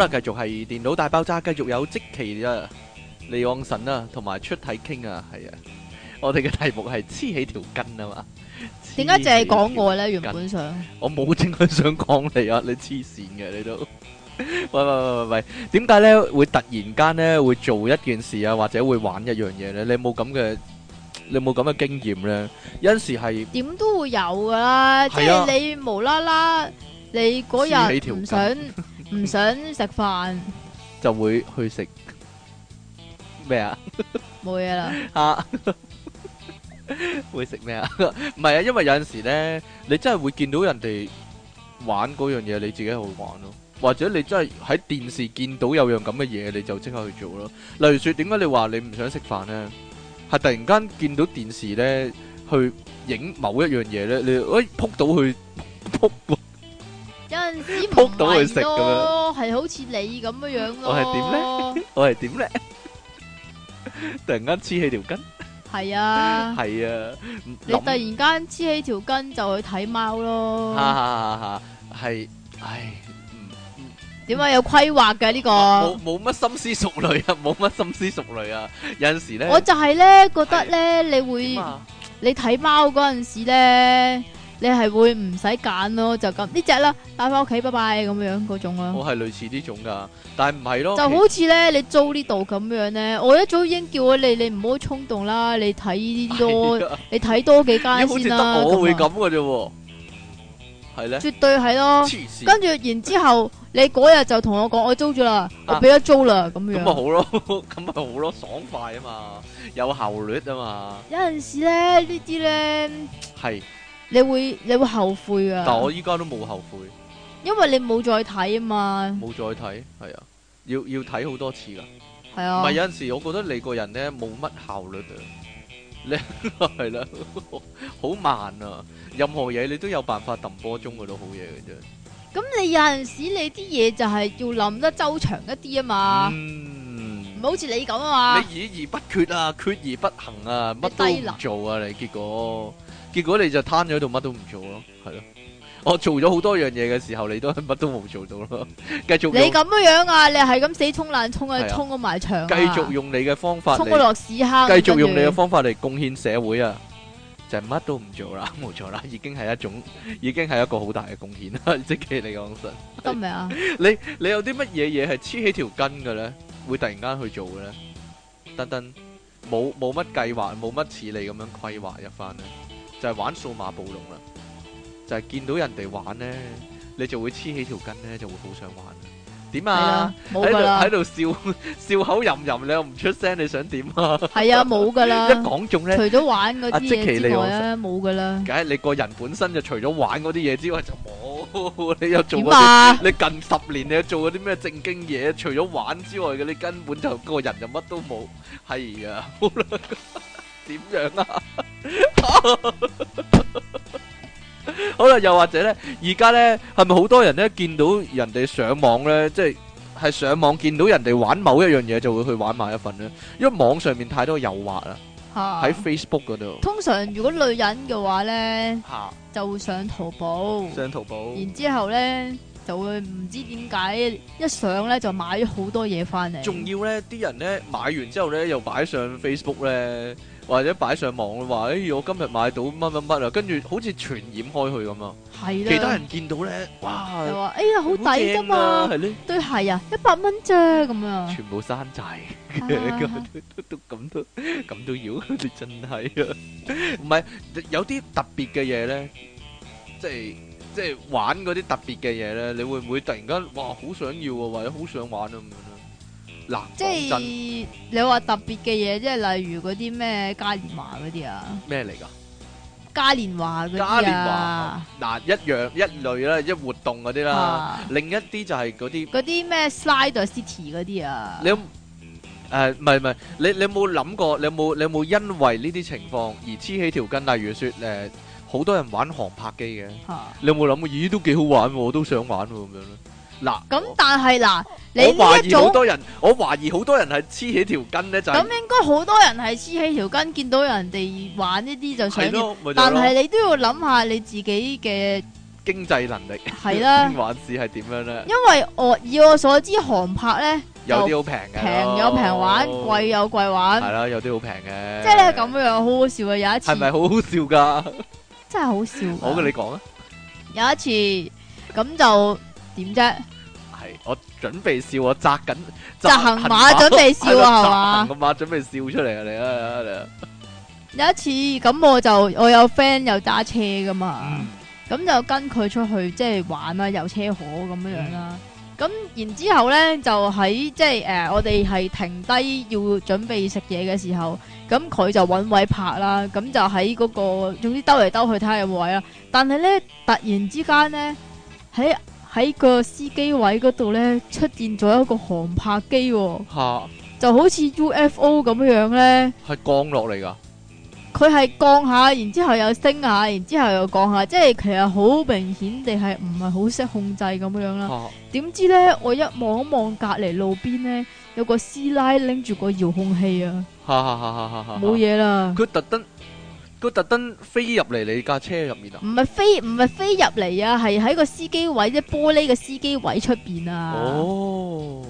Speaker 1: 繼續係電腦大爆炸，繼續有積淇啊，離岸神啊，同埋出體 king 啊，係啊，我哋嘅題目係黐起條筋啊嘛，點解淨係講我咧？原本想我冇淨係想講你啊，你黐綫嘅你都，喂喂喂喂喂，點解咧會突然間咧會做一件事啊，或者會玩一樣嘢咧？你冇咁嘅，你冇咁嘅經驗咧？有陣時係
Speaker 2: 點都會有噶啦，即係你無啦啦，你嗰日唔想。唔想食飯，
Speaker 1: 就會去食咩啊？
Speaker 2: 冇嘢啦。啊，
Speaker 1: (laughs) 會食咩啊？唔 (laughs) 係啊，因為有陣時咧，你真係會見到人哋玩嗰樣嘢，你自己去玩咯，啊。或者你真係喺電視見到有樣咁嘅嘢，你就即刻去做咯，啊。例如說，你說你，點解你話你唔想食飯咧？係突然間見到電視咧，去影某一樣嘢咧，你哎撲到去撲，
Speaker 2: 撲到佢食咁樣，係好似你咁樣樣咯。我係點咧？
Speaker 1: 我係點咧？ (laughs) 突然間黐起條筋，
Speaker 2: 係啊，
Speaker 1: 係 (laughs) 啊。你突
Speaker 2: 然間黐起條筋就去睇貓咯。係哈
Speaker 1: 哈哈哈，唉，點、嗯、解、嗯、有
Speaker 2: 規劃嘅呢個，冇
Speaker 1: 冇乜深思熟慮啊，冇乜深思熟慮啊。有陣時咧，我
Speaker 2: 就係咧覺得咧，啊、你會、啊、你睇貓嗰陣時咧。你係會唔使揀咯，就咁呢隻啦，擺翻屋企，拜拜咁樣嗰種啊！我
Speaker 1: 係類似呢種噶，但係唔係咯，就好似
Speaker 2: 咧你租呢度咁樣咧，我一早已經叫咗你你唔好衝動啦，你睇呢啲多，對啊、你睇多幾間先啦。我啊， (laughs) 我會
Speaker 1: 咁嘅啫，係咧，絕對係咯。黐線經跟
Speaker 2: 住然之後你嗰日就同我講，我租咗啦，啊、我俾咗租啦，咁樣咁
Speaker 1: 咪、啊、好咯，咁咪好咯，爽快啊嘛，有效率啊嘛。有
Speaker 2: 陣時咧呢啲咧係。是你會你會後悔啊，但我依
Speaker 1: 家都冇後悔，
Speaker 2: 因為你冇再睇啊嘛。
Speaker 1: 冇再睇，係啊，要要睇好多次噶。係啊，唔係有陣時我覺得你個人咧冇乜效率啊，你係 (laughs) 啦是的， (laughs) 好慢啊，任何嘢，你都有辦法揼波鐘，嗰度好嘢嘅啫。
Speaker 2: 咁你有陣時你啲嘢就係要諗得周詳一啲、嗯、啊嘛，唔好似你咁啊嘛，你
Speaker 1: 議而不決啊，決而不行啊，乜都唔做啊，你，你結果。結果你就攤咗度，乜都唔做咯，係咯。我做咗好多樣嘢嘅時候，你都乜都冇做到咯。繼續你咁
Speaker 2: 樣啊，你係咁死衝爛衝啊，衝個埋牆啊。繼續
Speaker 1: 用你嘅方法，衝個落屎坑。繼續用你嘅方法嚟貢獻社會啊，就係乜都唔做啦，冇錯啦，已經係一種，已經係一個好大嘅貢獻啦。即係你講實，得未啊？你你有啲乜嘢嘢係黐起條筋嘅咧？會突然間去做嘅咧？等等，冇冇乜計劃，冇乜似你咁樣規劃一番咧？就係玩數碼暴龍啦，就係見到人哋玩咧，你就會黐起條筋咧，就會好想玩。點啊？喺度喺度笑笑口吟吟，你又唔出聲，你想點啊？係啊，冇㗎啦！一講中咧，除咗玩
Speaker 2: 嗰啲嘢之外咧，冇㗎啦。梗
Speaker 1: 係你個人本身就除咗玩嗰啲嘢之外就冇，你又做？點啊？你近十年你做嗰啲咩正經嘢？除咗玩之外嘅，你根本就個人就乜都冇。係啊。點樣啊？好啦，又或者咧，而家咧係咪好多人咧見到人哋上網咧，即係係上網見到人哋玩某一樣嘢就會去玩埋一份咧？因為網上面太多誘惑啦吓，喺 Facebook 嗰度，通
Speaker 2: 常如果女人嘅話咧吓，就上
Speaker 1: 淘寶，上淘寶，然
Speaker 2: 之後咧就會唔知點解一上咧就買咗好多嘢翻嚟。仲
Speaker 1: 要咧，啲人咧買完之後咧又擺上 Facebook 咧。或者擺上網咯，話誒我今日買到乜乜乜啊，跟住好似傳染開去咁啊，其他人見到咧，哇！又話
Speaker 2: 誒呀好抵㗎嘛，係咧對鞋啊一百蚊啫咁樣，
Speaker 1: 全部山寨，都都都咁都咁都要，你真係啊！唔係有啲特別嘅嘢咧，即係即係玩嗰啲特別嘅嘢咧，你會唔會突然間哇好想要啊，或者好想玩啊咁樣？嗱，即係
Speaker 2: 你話特別嘅嘢，即係例如嗰啲咩嘉年華嗰啲啊？
Speaker 1: 咩嚟㗎？
Speaker 2: 嘉年華嗰啲啊！嗱、啊
Speaker 1: 啊，一樣一類啦，一活動嗰啲啦，啊、另一啲就係嗰啲
Speaker 2: 啲咩 Slide City 嗰啲啊？你
Speaker 1: 誒唔係唔係？你你有冇諗過？你有冇你有冇因為呢啲情況而黐起條筋？例如説誒，好、呃、多人玩航拍機嘅，啊、你有冇諗過？咦，都幾好玩喎，我都想玩喎咁樣咧。嗱，
Speaker 2: 咁但係嗱，你
Speaker 1: 呢一組我懷疑好多人，我懷疑好多人係黐起條筋咧，就咁
Speaker 2: 應該好多人係黐起條筋，見到人哋玩呢啲就想，但係你都要諗下你自己嘅
Speaker 1: 經濟能力係啦，還是係點樣咧？因
Speaker 2: 為我以我所知航拍咧，有啲好
Speaker 1: 平嘅，平有平玩，貴
Speaker 2: 有貴玩，係
Speaker 1: 啦，有啲好平嘅，即係咧咁
Speaker 2: 樣好好笑啊！有一次係咪
Speaker 1: 好好笑噶？
Speaker 2: 真係好笑，我嘅，你講啊！有一次咁就點啫？
Speaker 1: 我準備笑，我扎緊就行馬，馬準備笑啊，係嘛？咁啊，準備笑出嚟啊！你啊，你啊，有
Speaker 2: 一次咁，我就我有 friend 又揸車噶嘛，咁、嗯、就跟佢出去即係、就是、玩啦，游車河咁樣樣啦。咁、嗯、然之後咧，就喺即係誒，我哋係停低要準備食嘢嘅時候，咁佢就揾位拍啦，咁就喺嗰、那個，總之兜嚟兜去睇下有冇位啦。但係咧突然之間咧喺。喺個司機位嗰度呢，出現咗一個航拍機、哦，
Speaker 1: 啊、
Speaker 2: 就好似 UFO 咁樣呢，咧，
Speaker 1: 係降落嚟㗎。
Speaker 2: 佢係降下，然之後又升下，然之後又降下，即係其實好明顯地係唔係好識控制咁樣啦。點、啊、知呢，我一望一望隔籬路邊呢，有個師奶拎住個遙控器啊，
Speaker 1: 冇嘢啦，佢、啊啊啊啊啊、特登。佢特登飛入嚟你架車入面啊？
Speaker 2: 唔係飛，唔係飛入嚟啊！係喺個司機位即玻璃嘅司機位出邊啊！
Speaker 1: 哦，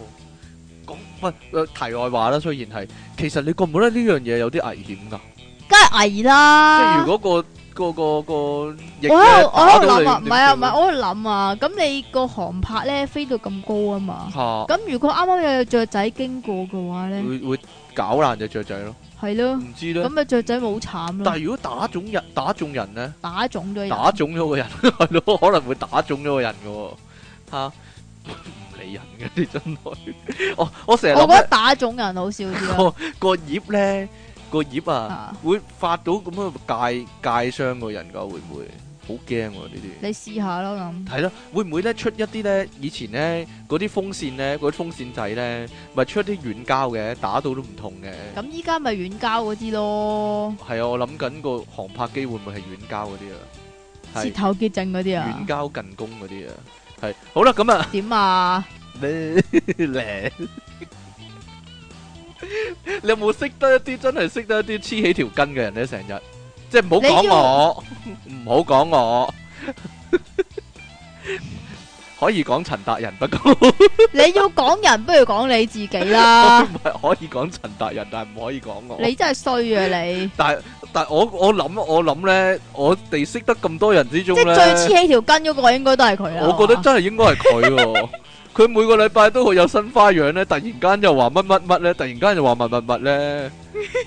Speaker 1: 咁唔係題外話啦。雖然係，其實你覺唔覺得呢樣嘢有啲危險㗎、啊？
Speaker 2: 梗係危啦！
Speaker 1: 即係如果個個個個，嗰個嗰個嗰個、我我喺度諗啊，唔係啊，唔係我
Speaker 2: 喺度諗啊。咁你個航拍咧飛到咁高啊嘛，咁、啊、如果啱啱有隻雀仔經過嘅話咧，
Speaker 1: 會會搞爛隻雀仔咯。
Speaker 2: 係咯，咁咪雀仔冇慘咯。但係
Speaker 1: 如果打中人，打中人咧，
Speaker 2: 打中咗人，打
Speaker 1: 中咗個人，咯， (laughs) 可能會打中咗個人嘅吓。唔、啊、 (laughs) 理人嘅啲真係，我我成日，我覺得打中人好笑啲咯。 (laughs) 個葉咧，那個葉啊，啊會發到咁樣界界傷個人噶，會唔會？好驚喎、啊！呢啲你
Speaker 2: 試下咯咁，
Speaker 1: 係咯，會唔會咧出一啲咧？以前咧嗰啲風扇咧，嗰啲風扇仔咧，咪出一啲軟膠嘅，打到都唔痛嘅。咁
Speaker 2: 依家咪軟膠嗰啲咯。
Speaker 1: 係啊，我諗緊個航拍機會唔會係軟膠嗰啲啊？舌是頭結
Speaker 2: 症嗰啲啊？軟
Speaker 1: 膠近攻嗰啲啊？係好啦，咁啊，點啊？你叻 (laughs) (laughs) 來， (laughs) 你有冇識得一啲真係識得一啲黐起條筋嘅人咧？成日。即係唔好講我，唔好講我，可以講陳達人，不過
Speaker 2: 你要講人，不如講你自己啦。
Speaker 1: 我唔係可以講陳達人，但係唔可以講我。你
Speaker 2: 真係衰啊你！
Speaker 1: 但係但係我我諗我諗咧，我哋識得咁多人之中咧，最黐起
Speaker 2: 條筋嗰個應該都係佢啊！我
Speaker 1: 覺得真係應該係佢，佢每個禮拜都會有新花樣咧，突然間又話乜乜乜咧，突然間又話乜乜乜咧，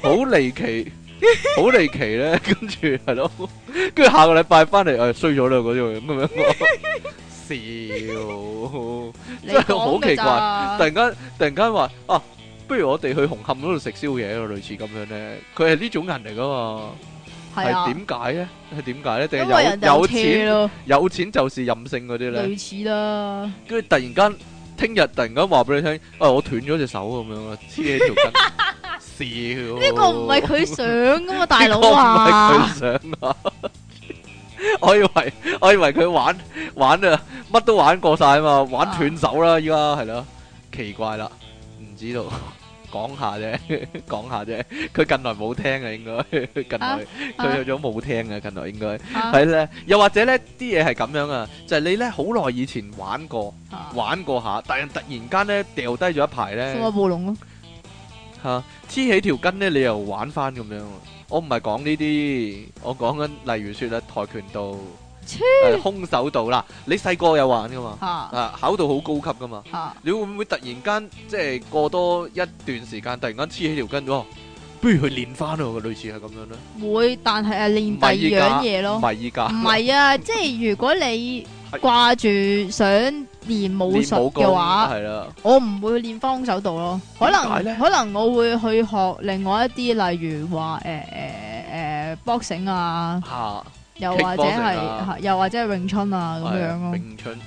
Speaker 1: 好離奇。好離奇咧，跟住係咯，跟住下個禮拜翻嚟誒衰咗啦嗰啲，咁咁樣笑，真係好奇怪，突然間突然間話哦，不如我哋去紅磡嗰度食宵夜咯，類似咁樣咧。佢係呢種人嚟噶嘛？
Speaker 2: 係點
Speaker 1: 解咧？係點解咧？定係有有錢咯？有錢就是任性嗰啲咧。類似
Speaker 2: 啦。
Speaker 1: 跟住突然間，聽日突然間話俾你聽，哦，我斷咗隻手咁樣啊，黐住條筋。笑呢個唔係佢想噶嘛，大佬啊！唔係佢想啊，我以為我以為佢玩玩啊，乜都玩過晒啊嘛，玩斷手啦，依家係咯，奇怪啦，唔知道，講下啫，講下啫，佢近來冇聽啊，應該近來佢有咗冇聽啊，近來應該係咧，又或者咧啲嘢係咁樣啊，就係你咧好耐以前玩過玩過下，但係突然間咧掉低咗一排咧，數碼暴龍咯。吓，黐、啊、起條筋咧，你又玩翻咁樣。我唔係講呢啲，我講緊例如說啊，跆拳道、黐去、呃、空手道啦，你細個有玩噶嘛，啊、啊，考到好高級噶嘛，啊、你會唔會突然間即係過多一段時間，突然間黐起條筋？不如去練翻咯，類似係咁樣咧。
Speaker 2: 會，但係啊，練第二樣嘢咯。唔
Speaker 1: 係依家，唔
Speaker 2: 係啊、啊，即係如果你掛住想。練武術嘅話，練我唔會練方手道咯，可能可能我會去學另外一啲，例如話誒誒誒 boxing 啊，
Speaker 1: 啊又或者係、啊、
Speaker 2: 又或者係詠春啊咁樣咯。詠
Speaker 1: 春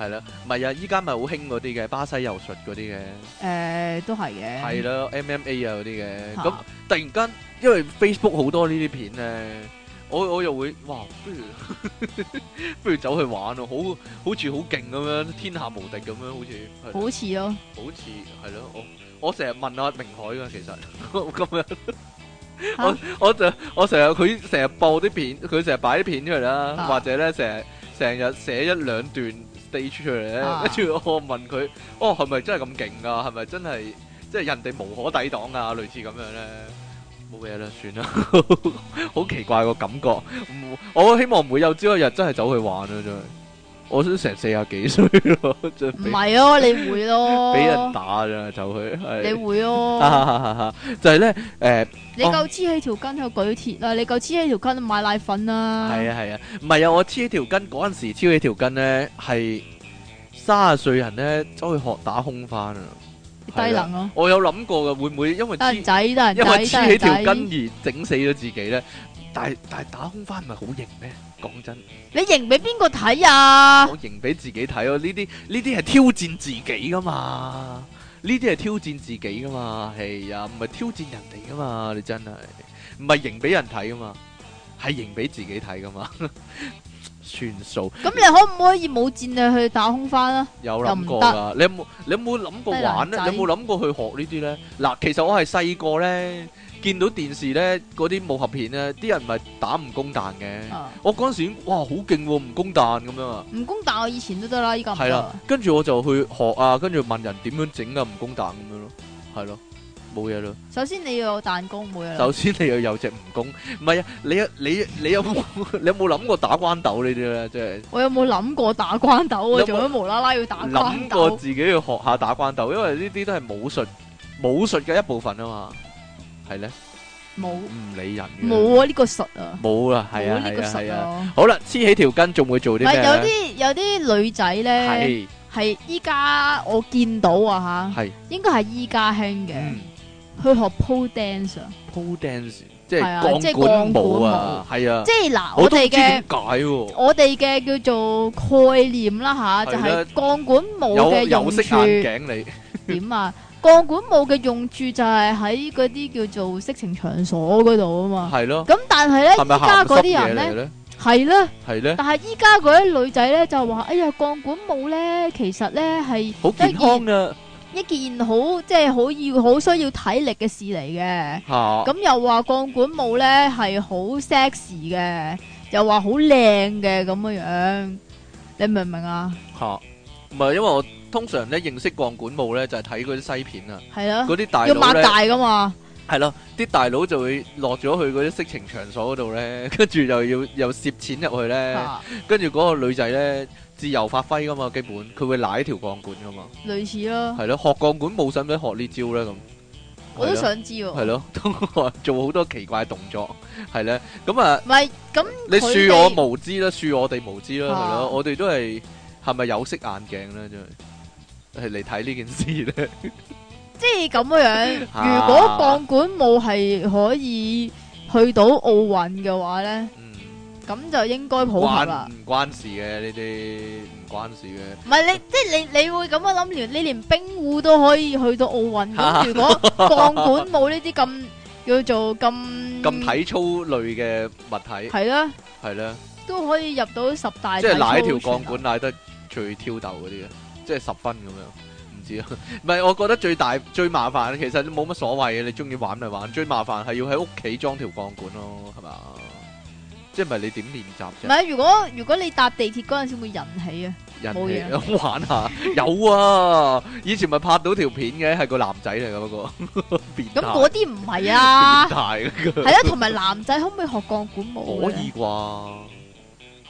Speaker 1: 係啦，唔係啊，依家咪好興嗰啲嘅巴西柔術嗰啲嘅，誒、
Speaker 2: 欸、都係嘅。係
Speaker 1: 咯，MMA 啊嗰啲嘅，咁突然間，因為 Facebook 好多呢啲片咧。我我又會，哇！不如 (laughs) 不如走去玩啊，好好似好勁咁樣，天下無敵咁樣，好似好似咯，好似係咯。我我成日問下明海噶，其實咁樣 (laughs) 我、啊，我我就，我成日佢成日播啲片，佢成日擺啲片出嚟啦，啊、或者咧成日成日寫一兩段地 t 出嚟咧，跟住、啊、我問佢，哦，係咪真係咁勁啊？係咪真係即係人哋無可抵擋啊？類似咁樣咧。冇嘢啦，算啦，好奇怪個感覺。我希望唔會有朝一日真係走去玩啊！真、就、係、是，我都成四廿幾歲咯。唔、就、係、是、啊，你會咯，俾 (laughs) 人打咋，走、就、去、是、你會咯、啊。 (laughs) (laughs) 就係咧，誒、呃，你夠
Speaker 2: 黐起條筋去舉鐵啊，你夠黐起條筋買奶粉啊。係啊
Speaker 1: 係啊，唔係啊，啊，我黐起條筋嗰陣時起條呢，黐起條筋咧係卅歲人咧，走去學打空翻啊。低能咯！我有諗過嘅，會唔會因為仔，仔
Speaker 2: 因為黐起條筋而
Speaker 1: 整死咗自己咧？但係但係打空翻唔係好型咩？講真，
Speaker 2: 你型俾邊
Speaker 1: 個睇啊？我型俾自己睇啊，呢啲呢啲係挑戰自己噶嘛？呢啲係挑戰自己噶嘛？係啊，唔係挑戰人哋噶嘛？你真係唔係型俾人睇噶嘛？係型俾自己睇噶嘛？ (laughs) 全數，咁你
Speaker 2: 可唔可以冇戰略啊去打空翻啊？有諗過噶，你有冇
Speaker 1: 你有冇諗過玩咧？你有冇諗過去學呢啲咧？嗱，其實我係細個咧，見到電視咧嗰啲武俠片咧，啲人咪打蜈蚣彈嘅，我嗰陣時已經哇好勁蜈蚣彈咁樣啊！蜈
Speaker 2: 蚣彈我以前都得啦，依家唔得啦，
Speaker 1: 跟住我就去學啊，跟住問人點樣整啊蜈蚣彈咁樣咯，係咯。冇嘢咯。
Speaker 2: 首先你要有彈弓，冇嘢。首先
Speaker 1: 你要有隻蜈蚣，唔係啊，你你你有冇你有冇諗過打關斗呢啲咧？即係我
Speaker 2: 有冇諗過打關斗？我做咩無啦啦要打關斗？諗過
Speaker 1: 自己要學下打關斗，因為呢啲都係武術武術嘅一部分啊嘛。係咧，冇唔理人嘅，冇
Speaker 2: 啊呢個術啊，冇
Speaker 1: 啊係啊係啊。好啦，黐起條筋仲會做啲咩咧？有啲
Speaker 2: 有啲女仔咧，係依家我見到啊吓，係應該係依家興嘅。去學 pole dance，pole
Speaker 1: dance 即係鋼管舞啊，係啊，即係嗱，我哋嘅
Speaker 2: 我哋嘅叫做概念啦吓，就係鋼管舞嘅用處
Speaker 1: 點
Speaker 2: 啊？鋼管舞嘅用處就係喺嗰啲叫做色情場所嗰度啊嘛，係咯。咁但係咧，依家嗰啲人咧係咧，係咧。但係依家嗰啲女仔咧就話，哎呀，鋼管舞咧其實咧係好健康啊。一件好即係好要好需要體力嘅事嚟嘅，咁又話鋼管舞咧係好 sexy 嘅，又話好靚嘅咁樣樣，你明唔明啊？
Speaker 1: 吓，唔係因為我通常咧認識鋼管舞咧就係睇嗰啲西片啊，係咯，嗰啲大佬咧要擘大噶嘛，係咯，啲大佬就會落咗去嗰啲色情場所嗰度咧，跟住又要又攝錢入去咧，跟住嗰個女仔咧。自由發揮噶嘛，基本佢會舐條鋼管噶嘛，
Speaker 2: 類似咯，係
Speaker 1: 咯，學鋼管舞使唔使學呢招咧？咁我都想知喎。係咯，做好多奇怪動作，係咧，咁啊，唔係
Speaker 2: 咁，你恕我無
Speaker 1: 知啦，恕我哋無知啦，係咯，我哋都係係咪有色眼鏡咧？即係係嚟睇呢件事咧。
Speaker 2: 即係咁樣，如果鋼管舞係可以去到奧運嘅話咧？咁就應該普及啦。唔關，
Speaker 1: 關事嘅呢啲，唔關事嘅。
Speaker 2: 唔係你，即係就你，你會咁樣諗，連你連冰壺都可以去到奧運。咁、啊、如果鋼管冇呢啲咁叫做咁
Speaker 1: 咁體操類嘅物體，係啦了，係啦了，
Speaker 2: 都可以入到十大。即係拉條鋼管
Speaker 1: 拉得最挑逗嗰啲，嗯、即係十分咁樣，唔知啊。唔 (laughs) 係，我覺得最大最麻煩，其實冇乜所謂嘅。你中意玩咪玩，最麻煩係要喺屋企裝條鋼管咯，係咪即係咪你點練習啫？唔係，
Speaker 2: 如果如果你搭地鐵嗰陣時會引起啊，冇嘢，
Speaker 1: 好玩下有啊。以前咪拍到條片嘅，係個男仔嚟噶嗰個。咁嗰
Speaker 2: 啲唔係啊，變
Speaker 1: 態啊，係啦，同
Speaker 2: 埋男仔可唔可以學鋼管舞咧？可以
Speaker 1: 啩？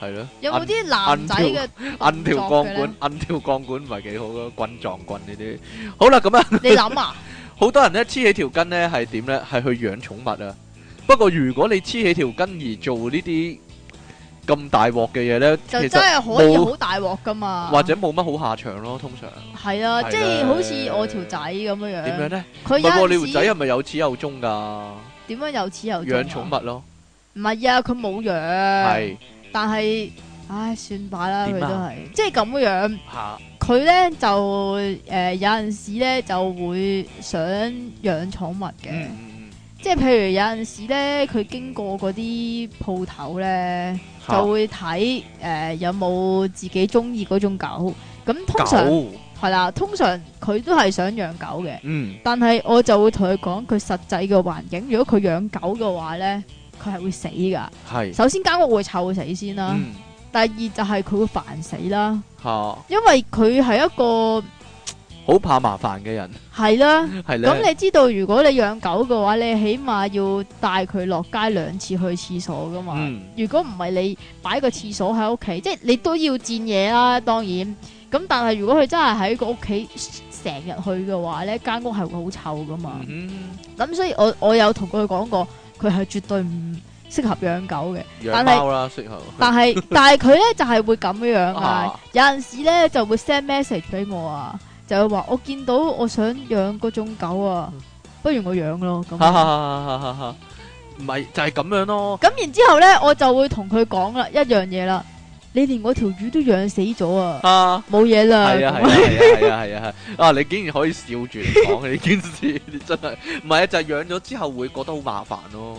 Speaker 1: 係咯。有冇啲男仔嘅？銀條鋼管，銀條鋼管唔係幾好咯，棍撞棍呢啲。好啦，咁啊。你諗啊？好多人咧，黐起條筋咧，係點咧？係去養寵物啊？不過如果你黐起條筋而做呢啲咁大鑊嘅嘢咧，就真係可以好
Speaker 2: 大鑊噶嘛，或
Speaker 1: 者冇乜好下場咯，通常
Speaker 2: 係啊，的即係好似我條仔咁樣樣點樣咧？佢有不過、啊、你條仔係
Speaker 1: 咪有始有終噶？
Speaker 2: 點樣有始有終、啊？養寵物咯，唔係啊，佢冇養，係是，但係唉，算罷啦，佢都係，即係咁樣。吓，佢咧就誒、呃，有陣時咧就會想養寵物嘅。嗯即係譬如有陣時咧，佢經過嗰啲鋪頭咧，哈就會睇誒、呃、有冇自己中意嗰種狗。咁通常係狗啦，通常佢都係想養狗嘅。嗯，但係我就會同佢講佢實際嘅環境。如果佢養狗嘅話咧，佢係會死噶。係是，首先間屋會臭死先啦。嗯、第二就係佢會煩死啦。吓哈。因為佢係一個，
Speaker 1: 好怕麻煩嘅人
Speaker 2: 係啦的，咁的你知道，如果你養狗嘅話，你起碼要帶佢落街兩次去廁所噶嘛。嗯、如果唔係，你擺個廁所喺屋企，即係你都要賤嘢啦。當然咁，但係如果佢真係喺個屋企成日去嘅話呢，間屋係會好臭噶嘛。咁、嗯、哼所以我我有同佢講過，佢係絕對唔適合養狗嘅。養貓
Speaker 1: 啦，適合。但係但係佢
Speaker 2: 呢就係、是、會咁樣啊有。有陣時呢就會 send message 俾我啊。就係話我見到我想養嗰種狗啊，不如我養咯咁。唔
Speaker 1: 係就係咁樣咯。
Speaker 2: 咁然之後咧，我就會同佢講啦，一樣嘢啦。你連嗰條魚都養死咗啊，冇嘢啦。係啊係啊係啊
Speaker 1: 係啊係啊。啊，你竟然可以笑住嚟講，你件事你真係唔係啊？就係養咗之後會覺得好麻煩咯，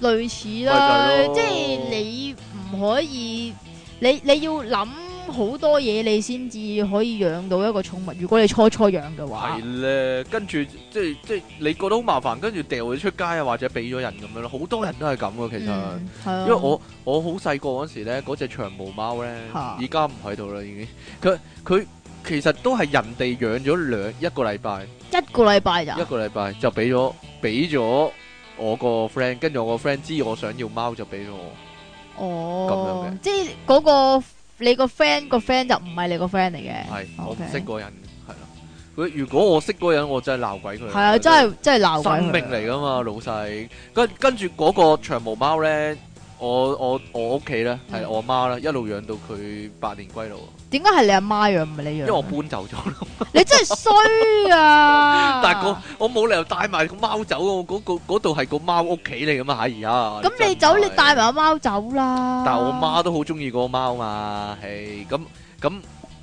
Speaker 2: 類似啦，即係你唔可以，你你要諗。好多嘢你先至可以養到一個寵物。如果你初初養嘅話，係
Speaker 1: 咧，跟住即係即係你覺得好麻煩，跟住掉咗出街啊，或者俾咗人咁樣咯。好多人都係咁嘅，其實。係啊，嗯。因為我我好細個嗰時咧，嗰隻長毛貓咧，而家唔喺度啦，已經。佢佢其實都係人哋養咗兩一個禮拜，一
Speaker 2: 個禮拜咋？一
Speaker 1: 個禮拜就俾咗俾咗我個 friend，跟住我個 friend 知我想要貓就俾咗我。哦。咁樣嘅，即
Speaker 2: 係嗰個。你、嗰個 friend 係、oh, okay. 個 friend 就唔係你個 friend 嚟嘅，係
Speaker 1: 我唔識嗰人，係啦。佢如果我識嗰人，我真係鬧鬼佢。係啊的，真
Speaker 2: 係真係鬧鬼。生命
Speaker 1: 嚟㗎嘛，老細。跟跟住嗰個長毛貓咧。我我呢我屋企咧，係我媽啦，一路養到佢百年歸老。
Speaker 2: 點解係你阿媽養唔係你養？你因為我
Speaker 1: 搬走咗。
Speaker 2: (laughs) 你真係衰啊！
Speaker 1: (laughs) 但係、那個、我我冇理由帶埋個貓走咯。嗰、那個度係、那個貓屋企嚟噶嘛，係而家。咁你走，你帶埋
Speaker 2: 個貓走啦。但係我媽
Speaker 1: 都好中意個貓嘛，係咁，咁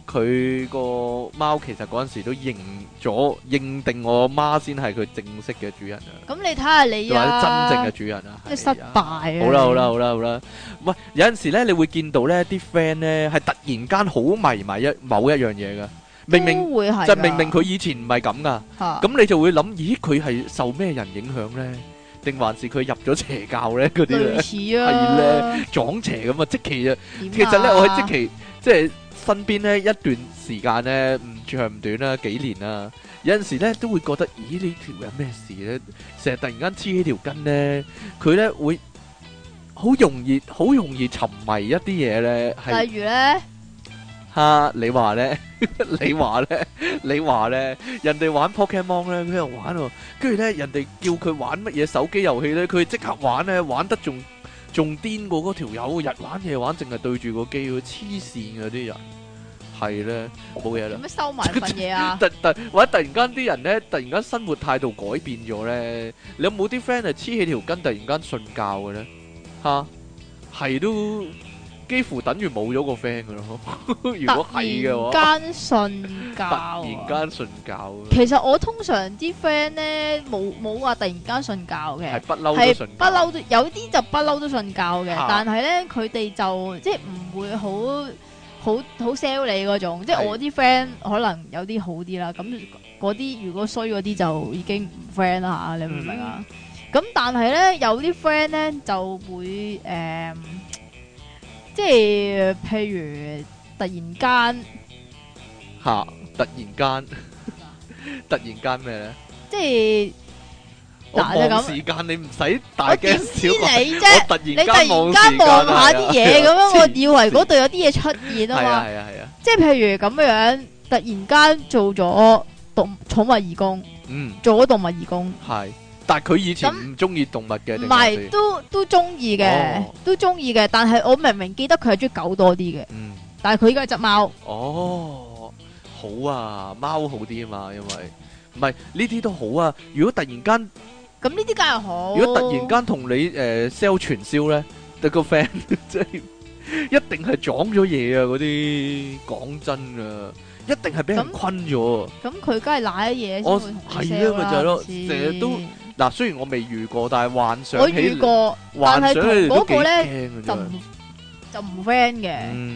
Speaker 1: 佢個貓其實嗰陣時都認咗認定我媽先係佢正式嘅主人啊！咁你睇下你啊！真正嘅主人
Speaker 2: 啊，即係失敗啊！好啦好啦好
Speaker 1: 啦好啦！喂，有陣時咧，你會見到咧啲 friend 咧，係突然間好迷迷一某一樣嘢㗎，明明即係明明佢以前唔係咁噶，咁你就會諗，咦佢係受咩人影響咧？定還是佢入咗邪教咧？嗰啲咧類似啊，係咧撞邪咁啊！積淇啊，其實咧我係積淇，即係身邊呢一段時間呢唔長唔短啦幾年啦，有陣時呢都會覺得，咦呢條有咩事呢？成日突然間黐起條筋呢，佢呢會好容易好容易沉迷一啲嘢呢。例如呢吓，你話呢，你話呢，你話呢，人哋玩 Pokemon 呢，佢又玩喎。跟住呢，人哋叫佢玩乜嘢手機遊戲呢，佢即刻玩呢，玩得仲～仲癲過嗰條友，日玩夜玩，淨係對住個機，黐線嘅啲人，係咧冇嘢啦。做
Speaker 2: 咩收埋份嘢啊？
Speaker 1: 突突 (laughs) 或者突然間啲人咧，突然間生活態度改變咗咧，你有冇啲 friend 係黐起條筋，突然間信教嘅咧？吓？係都。幾乎等於冇咗個 friend 噶咯，如果係嘅話，突然間
Speaker 2: 信教，突然
Speaker 1: 間信教。其實
Speaker 2: 我通常啲 friend 咧，冇冇話突然間信教嘅，係不嬲都信，係不嬲都有啲就不嬲都信教嘅。但係咧，佢哋就即係唔會好好好 sell 你嗰種。即係我啲 friend 可能有啲好啲啦。咁嗰啲如果衰嗰啲就已經唔 friend 啦，吓，你明唔明啊？咁但係咧，有啲 friend 咧就會誒。即係譬如突然間
Speaker 1: 吓，突然間突然間咩咧？ (laughs) 呢即係嗱，我望、啊、時間，你唔使大驚小怪。你突然間望下啲嘢咁樣，啊啊、我
Speaker 2: 以為嗰度有啲嘢出現啊嘛。係啊係啊,啊即係譬如咁樣，突然間做咗動寵物義工，嗯，做咗動物義工
Speaker 1: 係。但佢以前唔中意動物嘅，定？唔係都
Speaker 2: 都中意嘅，都中意嘅。但係我明明記得佢係中意狗多啲嘅。嗯，但係佢依家係隻貓。
Speaker 1: 哦，好啊，貓好啲啊嘛，因為唔係呢啲都好啊。如果突然間
Speaker 2: 咁，呢啲梗係好。如果突然間
Speaker 1: 同你誒 sell 傳銷咧，得個 friend，即係一定係撞咗嘢啊！嗰啲講真啊～一定係俾人困咗。
Speaker 2: 咁佢梗係瀨啲嘢先。我係啦咪就係咯，成日都
Speaker 1: 嗱。雖然我未遇過，但係幻想。我遇過，但係佢嗰個咧就就
Speaker 2: 唔 friend 嘅。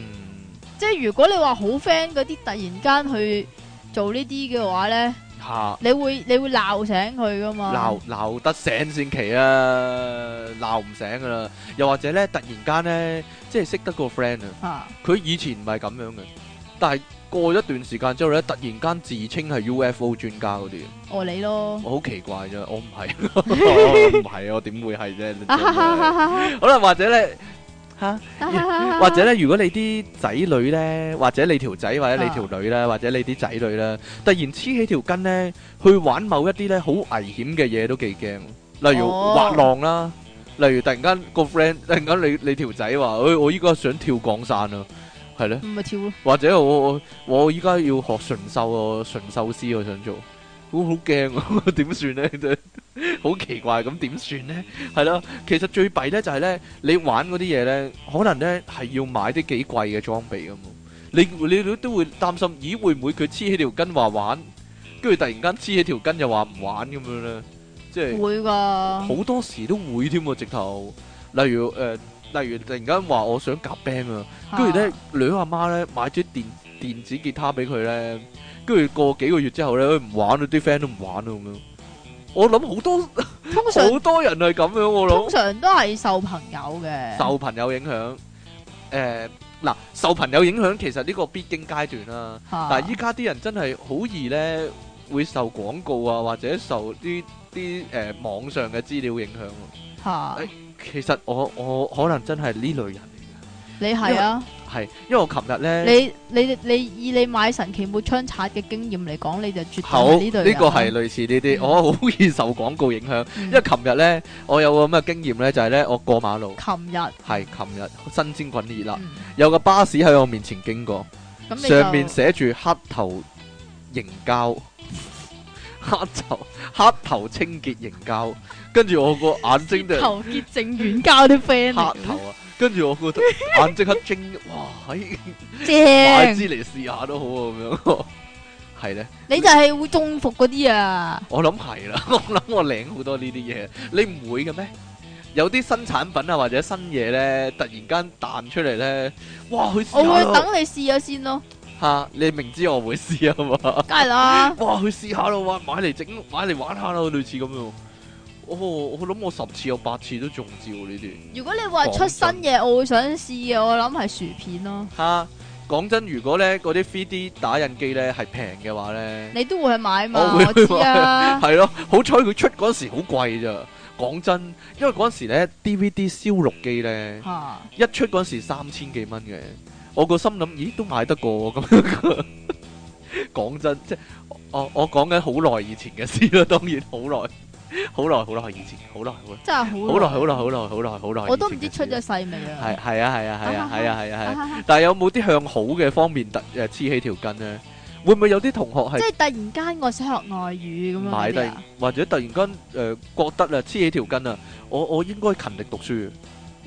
Speaker 2: 即係如果你話好 friend 嗰啲，突然間去做呢啲嘅話咧，吓你會你會鬧醒佢噶嘛？鬧
Speaker 1: 鬧得醒先奇啊！鬧唔醒噶啦。又或者咧，突然間咧，即係識得個 friend 啊，佢以前唔係咁樣嘅，但係。過咗一段時間之後咧，突然間自稱係 UFO 專家嗰啲，哦
Speaker 2: 你咯，我
Speaker 1: 好奇怪啫，我唔係，唔係啊，點會係啫？好啦，或者咧
Speaker 2: 吓，或者
Speaker 1: 咧，如果你啲仔女咧，或者你條仔或者你條女咧，或者你啲仔女咧，突然黐起條筋咧，去玩某一啲咧好危險嘅嘢，都幾驚，例如滑浪啦，例如突然間個 friend 突然間你你條仔話，我我依家想跳降傘啊！係咧，或者我我我依家要學純秀啊，純秀師我想做，我好驚啊，點算 (laughs) 呢？ (laughs) 好奇怪，咁點算呢？係咯，其實最弊咧就係咧，你玩嗰啲嘢咧，可能咧係要買啲幾貴嘅裝備噶，你你都都會擔心，咦會唔會佢黐起條筋話玩，跟住突然間黐起條筋又話唔玩咁樣咧，即係
Speaker 2: 會噶，好
Speaker 1: 多時都會添啊！直頭，例如誒。呃例如突然間話我想夾 band 啊，跟住咧女阿媽咧買咗電電子吉他俾佢咧，跟住過幾個月之後咧，佢唔玩啦，啲 friend 都唔玩啦咁樣。我諗好多，通常好多人係咁樣，我諗通
Speaker 2: 常都係受朋友嘅，受
Speaker 1: 朋友影響。誒，嗱，受朋友影響其實呢個必經階段啦。嗱，依家啲人真係好易咧會受廣告啊或者受呢啲誒網上嘅資料影響。吓。其實我我可能真係呢類人嚟㗎，你係啊，係，因為我琴日呢，你
Speaker 2: 你，你以你買神奇抹槍刷嘅經驗嚟講，你就絕對呢類人。呢、這個係類
Speaker 1: 似呢啲，嗯、我好易受廣告影響。嗯、因為琴日呢，我有個咁嘅經驗呢，就係、是、呢：我過馬路，琴日係琴日，新鮮滾熱啦，嗯、有個巴士喺我面前經過，上面寫住黑頭凝膠。黑頭黑頭清潔凝膠，跟住我個眼睛就是。頭
Speaker 2: 潔淨軟膠啲 friend 黑頭啊，
Speaker 1: (laughs) 跟住我個眼睛黑晶，哇，哎，晶正買支嚟試下都好啊，咁樣，係 (laughs) 咧呢。
Speaker 2: 你就係會中服嗰啲啊？
Speaker 1: 我諗係啦，我諗我領好多呢啲嘢，你唔會嘅咩？有啲新產品啊，或者新嘢咧，突然間彈出嚟咧，哇！去試下我會等你
Speaker 2: 試下先咯。
Speaker 1: 吓、啊！你明知我會試啊嘛，梗係啦！哇，去試下咯，買嚟整，買嚟玩下咯，類似咁樣。哦、我諗我十次有八次都中招呢、啊、啲。
Speaker 2: 如果你話出新嘢，我會想試啊！我諗係薯片咯。
Speaker 1: 吓、啊，講真，如果咧嗰啲 3D 打印機咧係平嘅話咧，你
Speaker 2: 都會去買嘛？我會去買、啊。係
Speaker 1: 咯、 (laughs) 嗯，好彩佢出嗰陣時好貴咋。講真，因為嗰陣時咧 DVD 燒錄機咧，啊、一出嗰陣時三千幾蚊嘅。我個心諗，咦，都買得過咁。講真，即係我我講緊好耐以前嘅事啦。當然好耐，好耐好耐以前，好耐。真係好耐，好耐好耐好耐好耐好耐。我都唔知出
Speaker 2: 咗世未啊。
Speaker 1: 係係啊係啊係啊係啊係啊！但係有冇啲向好嘅方面突誒黐起條筋咧？會唔會有啲同學係即係
Speaker 2: 突然間我想學外語咁樣？買低
Speaker 1: 或者突然間誒覺得啊黐起條筋啊，我我應該勤力讀書。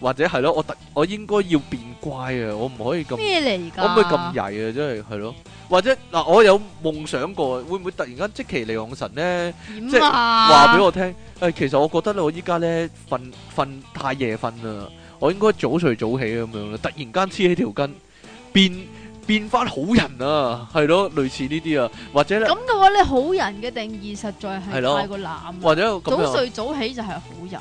Speaker 1: 或者係咯，我突我應該要變乖啊！我唔可以咁咩嚟
Speaker 2: 噶，我唔可以咁曳
Speaker 1: 啊！真係係咯，或者嗱，我有夢想過，會唔會突然間積淇離岸神咧？點啊！即係話俾我聽，誒，其實我覺得我依家咧瞓瞓太夜瞓啦，我應該早睡早起咁樣啦。突然間黐起條筋，變變翻好人啊！係咯，類似呢啲啊，或者咁
Speaker 2: 嘅話，你好人嘅定義實在係太過濫。或者早睡早起就係好人，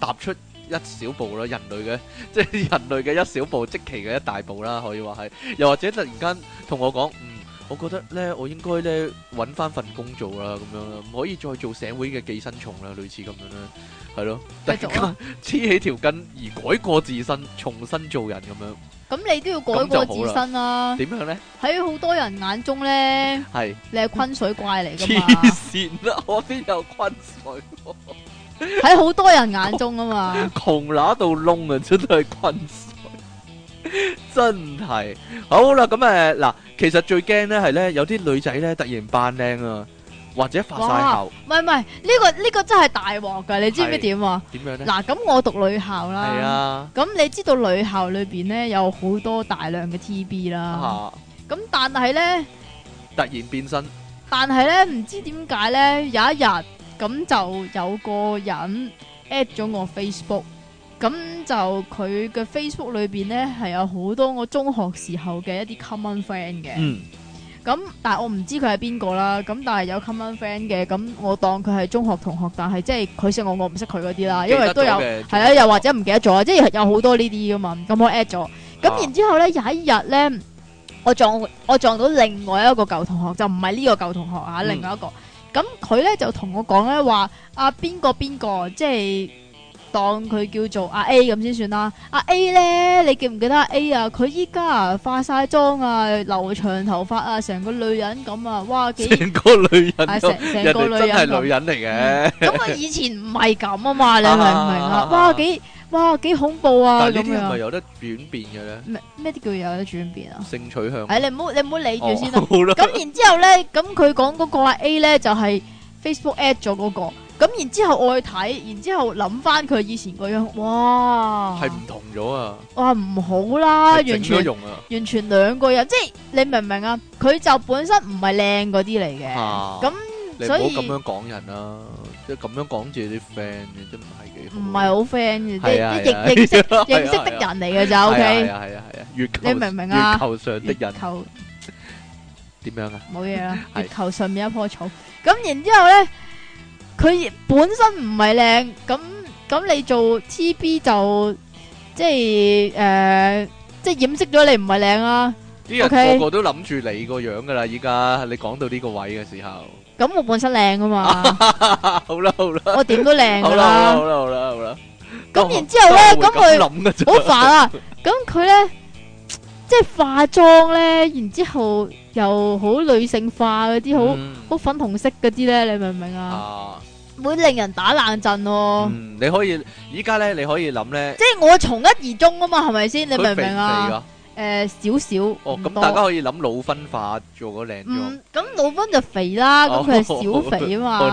Speaker 1: 踏出。一小步啦，人類嘅即係人類嘅一小步，積淇嘅一大步啦，可以話係。又或者突然間同我講，嗯，我覺得咧，我應該咧揾翻份工做啦，咁樣啦，唔可以再做社會嘅寄生蟲啦，類似咁樣啦，係咯。突然間黐起條筋而改過自身，重新做人咁樣。
Speaker 2: 咁你都要改過自身啦。點樣咧？喺好多人眼中咧，係你係昆水怪嚟㗎嘛？黐
Speaker 1: 線啦！我邊有昆水？
Speaker 2: 喺好 (laughs) 多人眼中啊嘛，
Speaker 1: 窮乸到窿啊，真係困帥，真係好啦。咁誒，嗱、呃，其實最驚咧係咧，有啲女仔咧突然扮靚啊，或者發晒頭。
Speaker 2: 唔係唔係，呢、 (laughs) 這個呢、這個真係大鑊噶，你知唔知點啊？點樣咧？嗱，咁我讀女校啦，啊，咁你知道女校裏邊咧有好多大量嘅 T B 啦，咁、啊、但係咧
Speaker 1: 突然變身，
Speaker 2: 但係咧唔知點解咧有一日。咁就有個人 add 咗我 Facebook，咁就佢嘅 Facebook 裏邊咧係有好多我中學時候嘅一啲 common friend 嘅，咁、嗯、但係我唔知佢係邊個啦，咁但係有 common friend 嘅，咁我當佢係中學同學，但係即係佢識我，我唔識佢嗰啲啦，因為都有係啊，又或者唔記得咗，即係有好多呢啲噶嘛，咁我 add 咗，咁然之後咧有一日咧，我撞我撞到另外一個舊同學，就唔係呢個舊同學啊，另外一個。嗯咁佢咧就同我講咧話，阿、啊、邊個邊個，即係當佢叫做阿、啊、A 咁先算啦。阿、啊、A 咧，你記唔記得阿 A 啊？佢依家，啊化晒妝啊，留長頭髮啊，成個女人咁啊！哇，成
Speaker 1: 個女人咁，人哋真係女人嚟嘅。咁佢以
Speaker 2: 前唔係咁啊嘛，你明唔明啊？哇，幾～哇，幾恐怖啊！咁樣，咪
Speaker 1: 有得轉變嘅咧？
Speaker 2: 咩咩啲叫有得轉變啊？
Speaker 1: 性取向，哎，你唔
Speaker 2: 好你唔好理住先啦。咁然之後咧，咁佢講嗰個阿 A 咧就係 Facebook add 咗嗰個，咁然之後我去睇，然之後諗翻佢以前嗰樣，哇，係
Speaker 1: 唔同咗啊！
Speaker 2: 哇，唔好啦，完全用啊，完全兩個人，即係你明唔明啊？佢就本身唔係靚嗰啲嚟嘅，咁。
Speaker 1: 所以唔好咁樣講人啦，即係咁樣講住啲 friend 嘅，真唔係幾唔係好 friend 嘅，即係認識認識的人嚟嘅就 O K。係啊係啊係啊，月球，你明唔明啊？月球上的人，月球點樣啊？冇嘢啊，
Speaker 2: 月球上面一棵草。咁然之後咧，佢本身唔係靚，咁咁你做 T B 就即係誒，即係掩飾咗你唔係靚啊。O K，個個
Speaker 1: 都諗住你個樣噶啦，依家你講到呢個位嘅時候。
Speaker 2: 咁我本身靚啊嘛，
Speaker 1: (laughs) 好啦好啦，我點都靚噶啦，好啦好啦好啦好啦。咁然之後咧，咁佢好煩啊。
Speaker 2: 咁佢咧，即係化妝咧，然之後又好女性化嗰啲，好好、嗯、粉紅色嗰啲咧，你明唔明啊？會令人打冷震哦。
Speaker 1: 你可以依家咧，你可以諗咧，即
Speaker 2: 係我從一而終啊嘛，係咪先？你明唔明啊？誒、呃，少少哦，咁多大家可
Speaker 1: 以諗老分化做個靚
Speaker 2: 妝咁，嗯、老分就肥啦，咁佢係小肥啊嘛。 (laughs) 好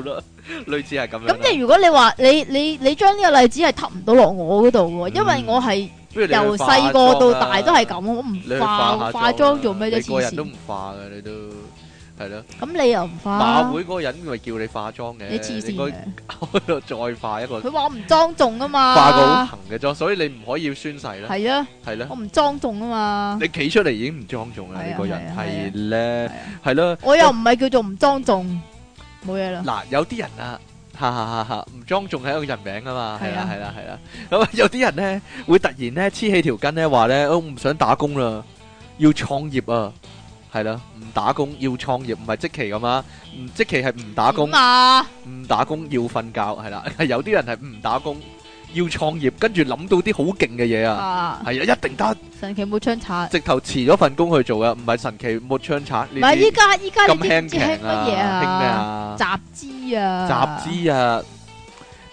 Speaker 2: 啦，類
Speaker 1: 似係咁樣。咁即係如果
Speaker 2: 你話你你你將呢個例子係揼唔到落我嗰度嘅，嗯、因為我係由細個到大都係咁，我唔化化妝做咩啫？黐線。你，你個人都
Speaker 1: 唔化嘅，你都。係咯，咁你又唔化，馬會嗰個人咪叫你化妝嘅，你黐線嘅，喺度再化一個。佢話
Speaker 2: 我唔莊重啊嘛，化個好型
Speaker 1: 嘅妝，所以你唔可以宣誓啦。係啊，係啦，我唔
Speaker 2: 莊重啊嘛。
Speaker 1: 你企出嚟，已經唔莊重啦，你個人係咧，係咯。我
Speaker 2: 又唔係叫做唔莊重，冇嘢啦。嗱，
Speaker 1: 有啲人啊，哈哈哈哈，唔莊重係一個人名啊嘛，係啦係啦係啦。咁有啲人咧會突然咧黐起條筋咧話咧，我唔想打工啦，要創業啊。係啦，唔打工要創業，唔係即期咁啊！唔即期係唔打工，唔打工要瞓覺係啦。係有啲人係唔打工要創業，跟住諗到啲好勁嘅嘢啊！係啊，一定得！
Speaker 2: 神奇冇槍賊，直
Speaker 1: 頭辭咗份工去做啊，唔係神奇冇槍賊。唔係依家依家啲咁輕嘅乜嘢啊？集
Speaker 2: 資啊！集資
Speaker 1: 啊！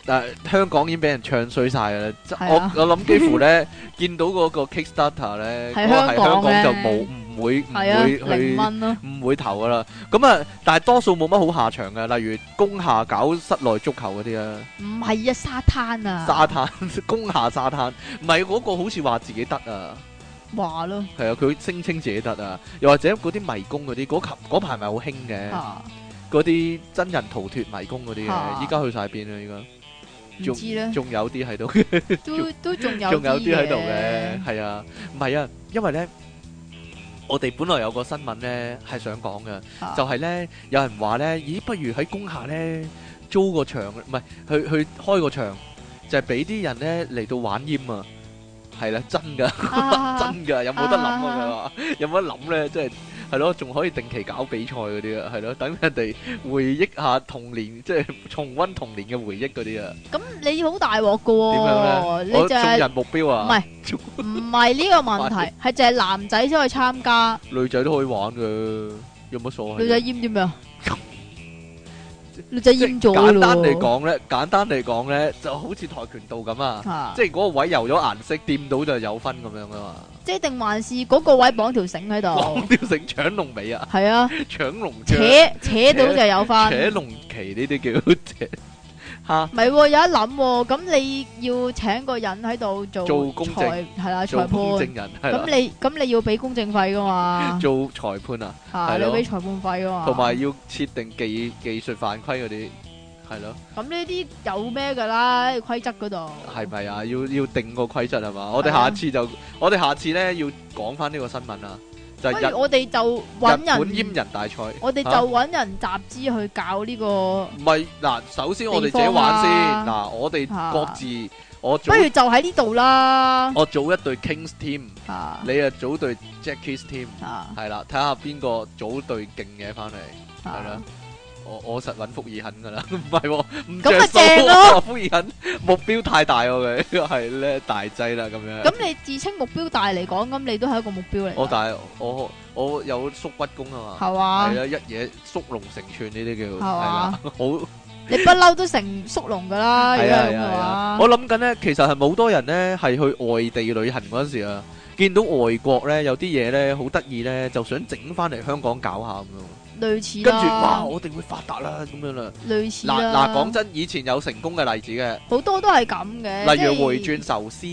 Speaker 1: 但係香港已經俾人唱衰晒啦。我我諗幾乎咧見到嗰個 Kickstarter 咧，喺香港咧就冇。會唔會去唔會投噶啦？咁啊，但係多數冇乜好下場嘅，例如工廈搞室內足球嗰啲啊，
Speaker 2: 唔係啊，沙灘啊，
Speaker 1: 沙灘工廈沙灘，唔係嗰個好似話自己得啊，
Speaker 2: 話咯了，
Speaker 1: 係啊，佢聲稱自己得啊，又或者嗰啲迷宮嗰啲，嗰排咪好興嘅，嗰啲、啊、真人逃脱迷宮嗰啲，依家去晒邊啊？依家，唔知啦，仲有啲喺度，
Speaker 2: 都都仲有，仲有啲喺度嘅，
Speaker 1: 係啊，唔係啊，因為咧。我哋本來有個新聞咧，係想講嘅，啊、就係咧有人話咧，咦，不如喺工廈咧租個場，唔係去去開個場，就係俾啲人咧嚟到玩厭啊。係啦，真噶，真噶，有冇得諗啊？有冇得諗咧？真係。係咯，仲可以定期搞比賽嗰啲啊，係咯，等人哋回憶下童年，即係重温童年嘅回憶嗰啲啊。
Speaker 2: 咁你好大鑊噶？點樣咧？你人
Speaker 1: 目標啊？唔係，
Speaker 2: 唔係呢個問題，係淨係男仔先可以參加，
Speaker 1: 女仔都可以玩噶，有冇所謂？女仔
Speaker 2: 陰啲咩？ (laughs) 就認咗咯。即簡單嚟講
Speaker 1: 咧，簡單嚟講咧，就好似跆拳道咁啊，啊即係嗰個位油咗顏色，掂到就有分咁樣噶、啊、嘛。
Speaker 2: 即係定還是嗰個位綁條繩喺度。綁
Speaker 1: 條繩搶龍尾啊！係啊，搶龍扯扯到就有分。扯，扯龍旗呢啲叫。 (laughs) 吓，唔
Speaker 2: 係有一諗，咁你要請個人喺度做做公正。係啦裁判，咁你咁你要俾公正費㗎嘛？
Speaker 1: 做裁判啊，係你俾裁
Speaker 2: 判費啊嘛？同埋、
Speaker 1: 啊、要，要設定技技術犯規嗰啲，係咯。
Speaker 2: 咁呢啲有咩㗎啦？規則嗰度
Speaker 1: 係咪啊？要要定個規則係嘛？我哋下次就的我哋下次咧要講翻呢個新聞啊！不如我
Speaker 2: 哋就揾人，本閹
Speaker 1: 人大賽。我哋就
Speaker 2: 揾人集資去搞呢個、啊。
Speaker 1: 唔係嗱，首先我哋自己玩先。嗱、啊啊，我哋各自、啊、我組。不如就喺
Speaker 2: 呢度啦。我
Speaker 1: 組一隊 Kings Team，啊你組隊 Jack team, 啊看看組隊 Jackies Team，係啦，睇下邊個組隊勁嘅翻嚟，係啦。我我實揾福爾肯噶啦，唔 (laughs) 係咯，唔着數咁咪正咯，福爾肯目標太大我哋，係 (laughs) 咧大劑啦咁樣。咁
Speaker 2: 你自稱目標大嚟講，咁你都係一個目標嚟。我
Speaker 1: 大，我我有縮骨功啊嘛。係啊，係啊，一嘢縮龍成寸呢啲叫係啊，好、啊， (laughs) 你不
Speaker 2: 嬲都成縮龍噶啦，咁 (laughs) 啊，嘅啊，啊！我
Speaker 1: 諗緊咧，其實係好多人咧，係去外地旅行嗰陣時啊，見到外國咧有啲嘢咧好得意咧，就想整翻嚟香港搞下咁樣。
Speaker 2: 類似啦，跟住哇，
Speaker 1: 我哋會發達啦，咁樣啦，類似嗱嗱，講真，以前有成功嘅例子嘅，
Speaker 2: 好多都係咁嘅。例如回
Speaker 1: 轉壽司，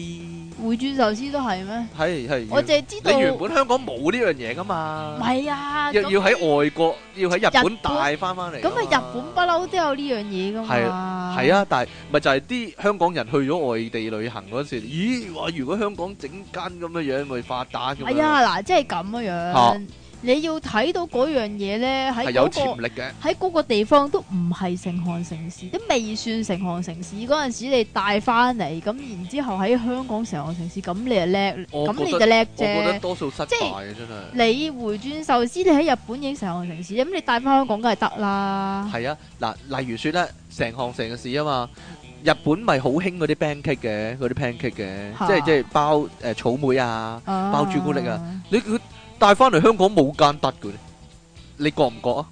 Speaker 2: 回轉壽司都係咩？
Speaker 1: 係係。我淨係知道，你原本香港冇呢樣嘢噶嘛？係
Speaker 2: 啊。若要喺
Speaker 1: 外國，要喺日本帶翻翻嚟。咁
Speaker 2: 啊，日本不嬲都有呢樣嘢噶嘛？係啊，
Speaker 1: 但係咪就係啲香港人去咗外地旅行嗰時，咦？話，如果香港整間咁嘅樣會發達嘅？係啊，嗱，
Speaker 2: 即係咁嘅樣。你要睇到嗰樣嘢咧，喺、嗰個、有潛力嘅。喺嗰個地方都唔係成行成市，都未算成行成市嗰陣時你帶翻嚟，咁然之後喺香港成行成市，咁你就叻，咁你就叻啫。我覺得多
Speaker 1: 數失敗是真係你
Speaker 2: 回轉壽司，你喺日本已經成行成市，咁你帶翻香港梗係得啦。
Speaker 1: 係啊，嗱，例如說咧，成行成市啊嘛，日本咪好興嗰啲 pancake 嘅，嗰啲 pancake 嘅，哈即係即係包誒、呃、草莓啊，啊包朱古力啊，你佢、啊。啊啊帶翻嚟香港冇間得嘅咧，你覺唔覺啊？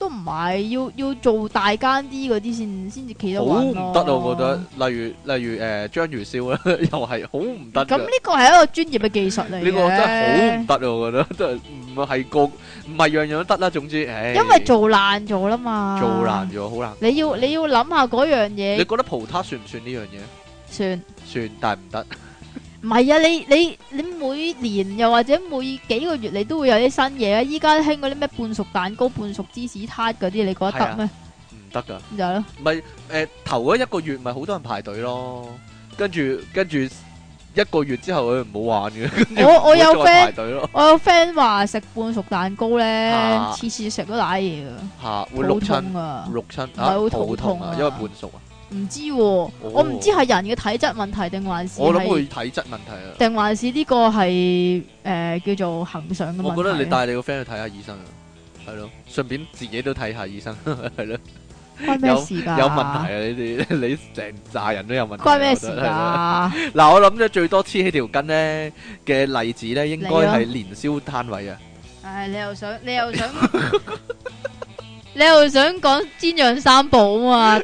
Speaker 2: 都唔係要要做大間啲嗰啲先，先至企得穩咯。好唔得啊！我覺
Speaker 1: 得，例如例如誒章魚燒咧，又係好唔得。咁呢
Speaker 2: 個係一個專業嘅技術嚟嘅。呢個真係好唔
Speaker 1: 得啊！我覺得，真唔係個唔係樣樣都得啦。總之，唉，因為做
Speaker 2: 爛咗啦嘛。做爛
Speaker 1: 咗，好難。你要
Speaker 2: 你要諗下嗰樣嘢。你
Speaker 1: 覺得葡撻算唔算呢樣嘢？算算，但係唔得。
Speaker 2: 唔係啊，你你你每年又或者每幾個月你都會有啲新嘢啊！依家興嗰啲咩半熟蛋糕、半熟芝士撻嗰啲，你覺得得咩？
Speaker 1: 唔得噶。點解唔係誒頭嗰一個月，咪好多人排隊咯。跟住跟住一個月之後，佢唔好玩嘅。我我有 friend (laughs) 排隊咯。我
Speaker 2: 有 friend 話食半熟蛋糕咧，啊、次次食都打嘢噶。
Speaker 1: 嚇、啊！會淥親㗎。淥親傷啊！好痛啊，痛因為半熟啊。
Speaker 2: 唔知、啊，oh, 我唔知係人嘅體質問題定還是，是我諗會體質問題啊？定還是呢個係誒、呃、叫做恆常嘅，我覺得你帶
Speaker 1: 你個 friend 去睇下醫、啊、醫生， (laughs) 了啊，係咯，順便自己都睇下醫生，係咯。關咩事噶？有問題啊！你哋你成扎人都有問題。關咩事啊？嗱，我諗咗最多黐起條筋呢嘅例子呢，應該係年宵攤位啊。
Speaker 2: 唉、哎，你又想，你又想。 (laughs) 你又想講煎釀三寶嘛？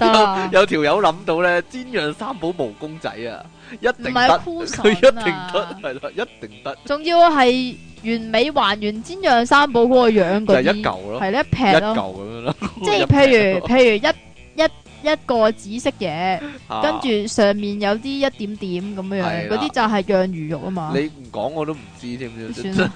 Speaker 2: 有，
Speaker 1: 有條友諗到咧，煎釀三寶毛公仔啊，一定得，佢一定得，係咯，一定得。仲要
Speaker 2: 係完美還原煎釀三寶嗰個樣嗰啲，係一嚿咯，係一劈咯，一嚿
Speaker 1: 咁樣咯。即係譬如譬
Speaker 2: 如一一一個紫色嘢，跟住上面有啲一點點咁樣樣，嗰啲就係釀魚肉啊嘛。你
Speaker 1: 唔講我都唔知添，算啦。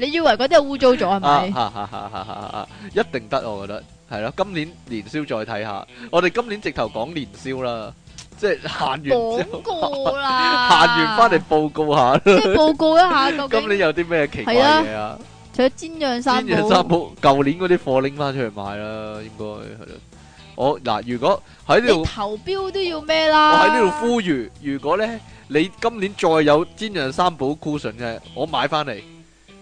Speaker 2: 你以為嗰啲係污糟咗係咪？啊哈哈哈！
Speaker 1: 一定得，我覺得係咯。今年年宵再睇下，我哋今年直頭講年宵啦，即係行完廣告啦，行完翻嚟報告下，即係報告一下究竟今年有啲咩奇怪嘢啊？
Speaker 2: 除咗煎釀三寶，煎釀三
Speaker 1: 寶舊年嗰啲貨拎翻出去賣啦，應該係咯。我嗱，如果喺呢度
Speaker 2: 投標都要咩啦？我喺呢度
Speaker 1: 呼籲，如果咧你今年再有煎釀三寶庫存嘅，我買翻嚟。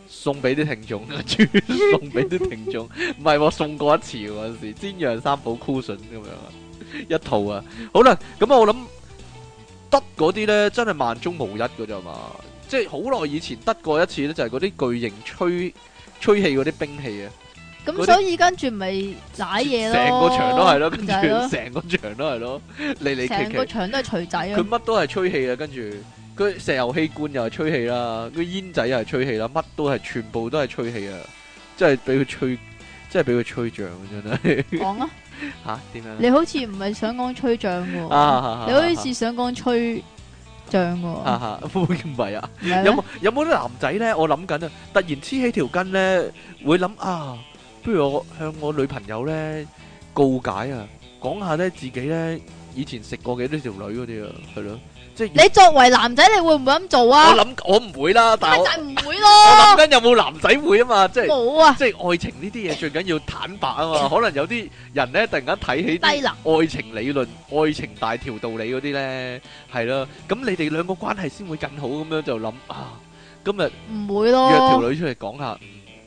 Speaker 1: 送俾啲聽眾啊！專送俾啲聽眾，唔係喎，送過一次嗰陣時，煎釀三寶 cushion 咁樣，一套啊。好啦，咁我諗得嗰啲咧，真係萬中無一噶咋嘛？即係好耐以前得過一次咧，就係嗰啲巨型吹吹氣嗰啲兵器啊。
Speaker 2: 咁所以跟住咪瀨嘢咯，成個場都係咯，跟住成
Speaker 1: 個場都係咯，離離奇奇。成個
Speaker 2: 場都係錘仔啊！
Speaker 1: 佢乜都係吹氣啊，跟住。佢石油氣罐又係吹氣啦，佢煙仔又係吹氣啦，乜都係全部都係吹氣啊！即係俾佢吹，即係俾佢吹脹真啫咧。講啊吓？點樣？你好似
Speaker 2: 唔係想講吹脹喎， (laughs) 你好似想講吹脹喎。嚇
Speaker 1: 嚇，會唔係啊？有冇有冇啲男仔咧？我諗緊啊，突然黐起條筋咧，會諗啊，不如我向我女朋友咧告解啊，講下咧自己咧以前食過幾多條女嗰啲啊，係咯。
Speaker 2: 你作為男仔，你會唔會咁做啊？我諗
Speaker 1: 我唔會啦，但係唔會咯。我諗緊有冇男仔會啊嘛，即係冇啊！即係愛情呢啲嘢最緊要坦白啊嘛，可能有啲人咧突然間睇起低能愛情理論、愛情大條道理嗰啲咧，係咯。咁你哋兩個關係先會更好咁樣就諗啊。今日唔會咯，約條女出嚟講下，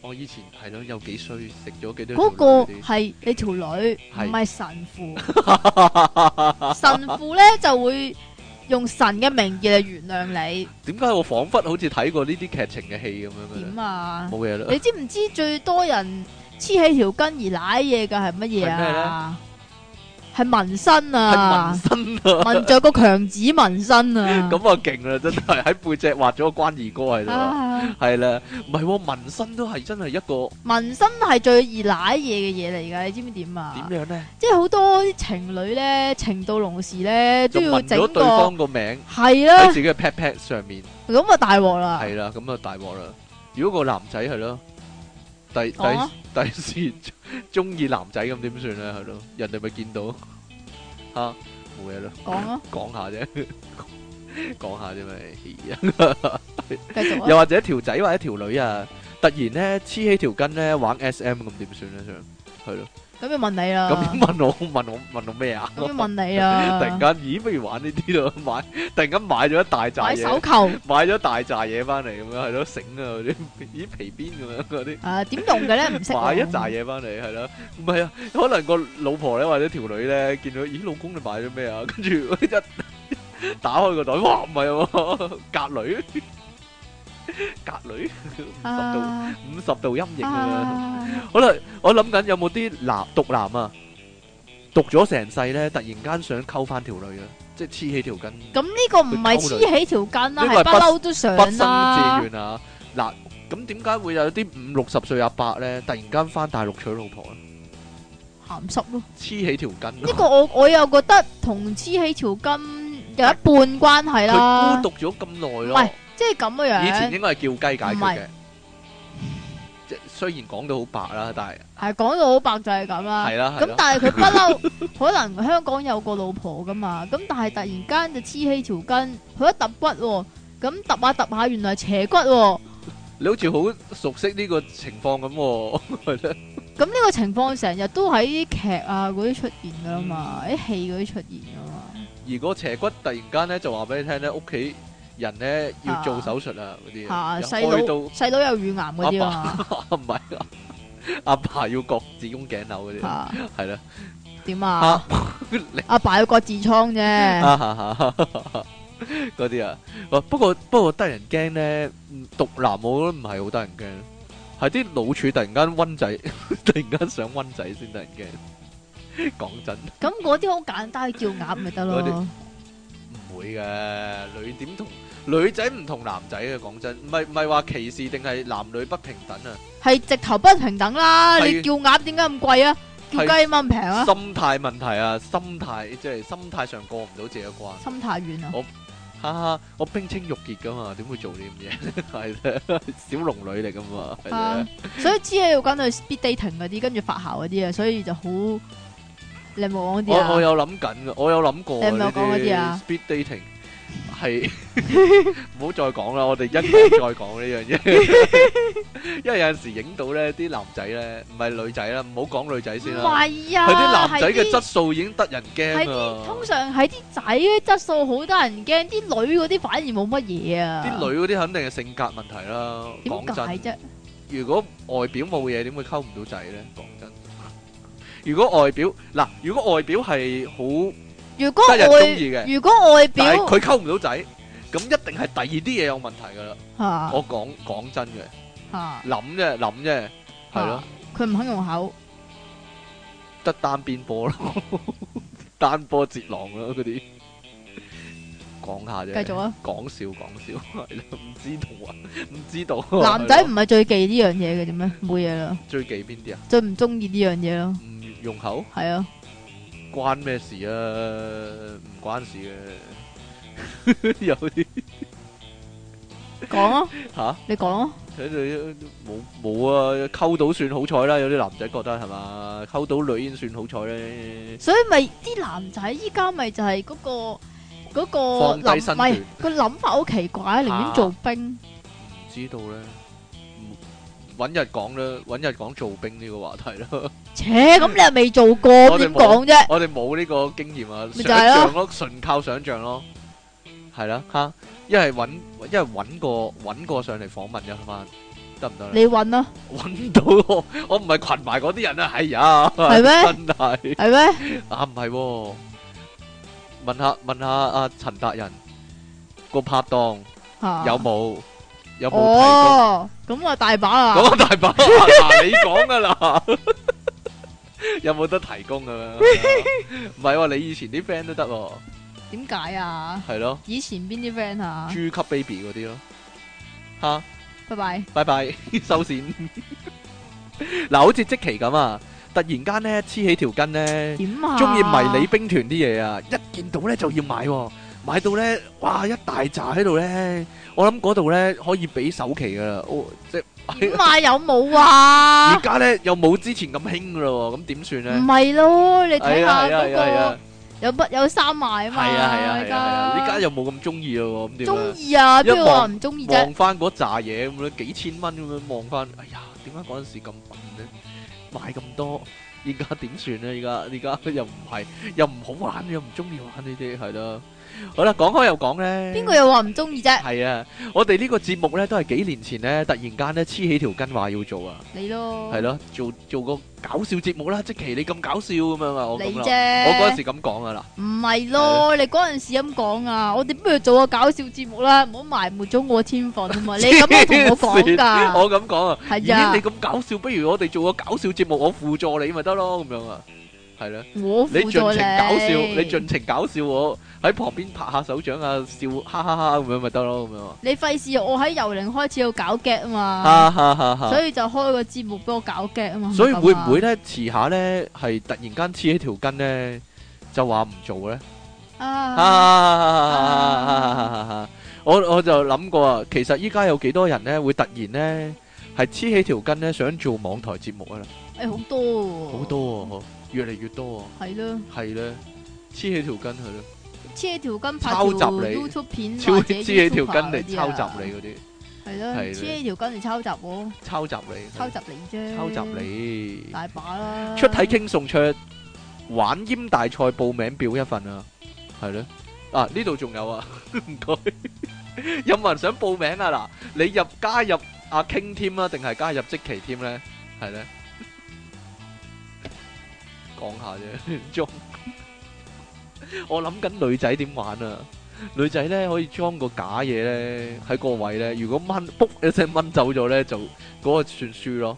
Speaker 1: 我以前係咯有幾衰，食咗幾多。嗰個係
Speaker 2: 你條女，唔係神父。
Speaker 1: 神
Speaker 2: 父咧就會，用神嘅名義，嚟原諒你。
Speaker 1: 點解我彷彿好似睇過呢啲劇情嘅戲咁樣咧？
Speaker 2: 點啊，冇嘢啦。你知唔知最多人黐起條筋而瀨嘢嘅係乜嘢啊？ (laughs) 係紋紋身啊！紋紋身啊！紋着個強
Speaker 1: 子紋身啊！ (laughs) 咁啊勁啦，真係喺背脊畫咗個關二哥喺度，係啦， (laughs) (laughs) 唔係紋身都係真係一個
Speaker 2: 紋身係最易瀨嘢嘅嘢嚟噶，你知唔知點啊？點樣咧？即係好多啲情侶咧，情到濃時咧，都要整咗對方
Speaker 1: 個名喺 (laughs) 是啦自己嘅 pat pat 上面。
Speaker 2: 咁啊大鑊啦！係
Speaker 1: 啦、嗯，咁啊大鑊啦！如果個男仔係咧？第第吧第時中意男仔咁點算咧？係咯，人哋咪見到嚇冇嘢咯，講咯講下啫，講下啫咪，繼續。又或者條仔或者條女啊，突然咧黐起條筋咧玩 SM 咁點算咧？就係咯。咁要問你啦，咁問我問我問我咩啊？咁要問你啦， (laughs) 突然間，咦？不如玩呢啲咯，買突然間買咗一大扎嘢，買手扣，買咗大扎嘢翻嚟，咁樣係咯，繩啊嗰啲，咦皮鞭咁樣嗰啲，誒，點、啊、用嘅咧？唔識，買一紮嘢翻嚟係咯，唔係啊，可能個老婆咧或者條女咧見到，咦，老公你買咗咩啊？跟住一打開個袋，哇，唔係喎，隔、啊、籬。隔 (laughs) 格女，五十度五十度陰影啊！好啦，我諗緊有冇啲男毒男啊？獨咗成世咧，突然間想溝翻條女啊，即係黐起條筋。
Speaker 2: 咁呢個唔係黐起條筋啊，係不嬲都想啊！本身自
Speaker 1: 願啊！嗱，咁點解會有啲五六十歲阿伯咧，突然間翻大陸娶老婆啊？鹹濕咯，黐起條筋。呢個
Speaker 2: 我我又覺得同黐起條筋有一半關係啦。孤獨
Speaker 1: 咗咁耐咯。
Speaker 2: 即係咁嘅樣，樣，以前應該係叫雞解決嘅。
Speaker 1: 即是雖然講到好白啦，但係
Speaker 2: 係講到好白就係咁啦。係啦，咁但係佢不嬲， (laughs) 可能香港有個老婆噶嘛。咁但係突然間就黐起條筋，佢一揼骨，哦，咁揼下揼下，原來係斜骨，哦。
Speaker 1: 你好似好熟悉呢個情況咁，哦，係咧。
Speaker 2: 咁呢個情況成日都喺劇啊嗰啲出現噶嘛，喺戲嗰啲出現噶嘛。
Speaker 1: 如果斜骨突然間咧，就話俾你聽咧，屋企。人咧要做手術啊，嗰啲，細佬
Speaker 2: 細佬有乳癌嗰啲啊，唔
Speaker 1: 係，阿爸要割子宮頸瘤嗰啲，係啦，點啊？阿爸要割
Speaker 2: 痔瘡啫，
Speaker 1: 嗰啲啊，不過不過得人驚咧，毒男我都唔係好得人驚，係啲老處突然間瘟仔，突然間想瘟仔先得人驚。講真，
Speaker 2: 咁嗰啲好簡單，叫鴨咪得咯，唔
Speaker 1: 會嘅，女點同？女仔唔同男仔嘅，講真，唔係唔係話歧視定係男女不平等啊？
Speaker 2: 係直頭不平等啦！是你叫鴨點解咁貴啊？
Speaker 1: 是叫雞咁平啊？心態問題啊，心態即係心態上過唔到自己一關。心態軟啊！我哈哈，我冰清玉潔噶嘛，點會做呢咁嘢？係啦，小龍女嚟噶嘛？係啊，的
Speaker 2: (laughs) 所以知嘢要講到 speed dating 嗰啲，跟住發姣嗰啲啊，所以就好你冇講啲啊我。我有
Speaker 1: 諗緊噶，我有諗過。你有冇講嗰啲啊？speed dating。係唔好再講啦，我哋一唔再講呢樣嘢，因為有陣時影到咧啲男仔咧，唔係女仔啦，唔好講女仔先啦。係啊，佢啲男仔嘅質素已經得人驚。通
Speaker 2: 常喺啲仔嘅質素好得人驚，啲女嗰啲反而冇乜嘢啊。啲女
Speaker 1: 嗰啲肯定係性格問題啦。點解啫？如果外表冇嘢，點會溝唔到仔咧？講真，如果外表嗱，如果外表係好。如果我如果
Speaker 2: 外表佢溝
Speaker 1: 唔到仔，咁一定係第二啲嘢有問題噶啦。我講講真嘅，
Speaker 2: 諗
Speaker 1: 啫諗啫，係咯。
Speaker 2: 佢唔肯用口，
Speaker 1: 得單邊波咯，單波截狼咯，嗰啲講下啫。繼續啊！講笑講笑，係咯，唔知道啊，唔知道。男仔唔
Speaker 2: 係最忌呢樣嘢嘅啫咩？冇嘢啦。最忌邊啲啊？最唔中意呢樣嘢咯。唔用口係啊。
Speaker 1: 關咩事啊？唔關事嘅，有啲
Speaker 2: 講啊吓，你講
Speaker 1: 啊，喺度冇冇啊，溝到算好彩啦，有啲男仔覺得係嘛，溝到女已經算好彩咧。所以
Speaker 2: 咪啲男仔依家咪就係嗰個嗰個諗唔係個諗法好奇怪，寧願做兵。唔
Speaker 1: 知道咧。搵日講啦，搵日講做兵呢個話題咯。扯，咁你又未做過，點講啫？我哋冇呢個經驗啊，咪就係咯，純靠想象咯。係啦，吓，一係搵，一係搵過搵過上嚟訪問㗎嘛，得唔得？你搵啦，搵唔到我唔係群埋嗰啲人啊，係呀，係咩？真係，係咩？啊唔係，問下問下阿陳達人個拍檔有冇？有冇？
Speaker 2: 哦，咁啊大把啦，講大把，你
Speaker 1: 講噶啦，有冇得提供噶？唔係喎，你以前啲 friend 都得，
Speaker 2: 點解啊？係咯，以前邊啲 friend 啊？G
Speaker 1: 級 baby 嗰啲咯，吓，拜拜，拜拜，收線。嗱，好似即期咁啊，突然間咧，黐起條筋咧，中意迷你兵團啲嘢啊，一見到咧就要買喎。買到咧，哇一大紮喺度咧，我諗嗰度咧可以俾首期噶啦，即係點買，
Speaker 2: 有冇啊？
Speaker 1: 而家咧又冇之前咁興噶咯，咁點算咧？唔係咯，
Speaker 2: 你睇下咁講，有冇有三買啊？係啊係啊
Speaker 1: 係啊！依家又冇咁中意咯，咁點啊？中意啊！邊個話唔中意啫？望翻嗰扎嘢咁樣，幾千蚊咁樣望翻，哎呀，點解嗰陣時咁笨咧？買咁多，而家點算咧？而家而家又唔係，又唔好玩，又唔中意玩呢啲，係咯。好啦，講開又講咧，邊個又話唔中意啫？係啊，我哋呢個節目咧都係幾年前咧突然間咧黐起條筋話要做啊。你
Speaker 2: 咯，係
Speaker 1: 咯，做做個搞笑節目啦，即其你咁搞笑咁樣啊，我咁啦。我嗰陣時咁講噶啦。
Speaker 2: 唔係咯，你嗰陣時咁講啊，我哋不如做個搞笑節目啦，唔好埋沒咗我天份啊嘛。你咁樣同我講噶，我
Speaker 1: 咁講啊。係啊，你咁搞笑，不如我哋做個搞笑節目，我輔助你咪得咯，咁樣啊。係啦，你盡情搞笑，你盡情搞笑，我喺旁邊拍下手掌啊，笑哈哈哈咁樣咪得咯咁樣。
Speaker 2: 你費事，我喺由零開始要搞劇啊嘛，
Speaker 1: 所以
Speaker 2: 就開個節目畀我搞劇啊嘛。所以會唔會
Speaker 1: 咧？遲下咧，係突然間黐起條筋咧，就話唔做咧？啊，我我就諗過啊，其實依家有幾多人咧會突然咧係黐起條筋咧，想做網台節目啊啦？
Speaker 2: 誒，好多，好
Speaker 1: 多。越嚟越多啊！係咯，係咧，黐起條筋佢咯，
Speaker 2: 黐起條筋拍啲 YouTube 片，黐起條筋嚟抄襲你嗰啲，係咯，黐起條筋嚟抄襲
Speaker 1: 我，抄襲你，抄襲你
Speaker 2: 啫，抄襲你，大把啦！出體 King
Speaker 1: 送桌玩謠大賽報名表一份啊，係咧，啊呢度仲有啊，唔該，有冇人想報名啊？嗱，你入加入阿 King 添啊，定係加入積淇添咧？係咧。講下啫，裝。我諗緊女仔點玩啊？女仔咧，可以裝個假嘢咧喺個位咧。如果掹，book 一聲掹走咗咧，就嗰個算輸咯。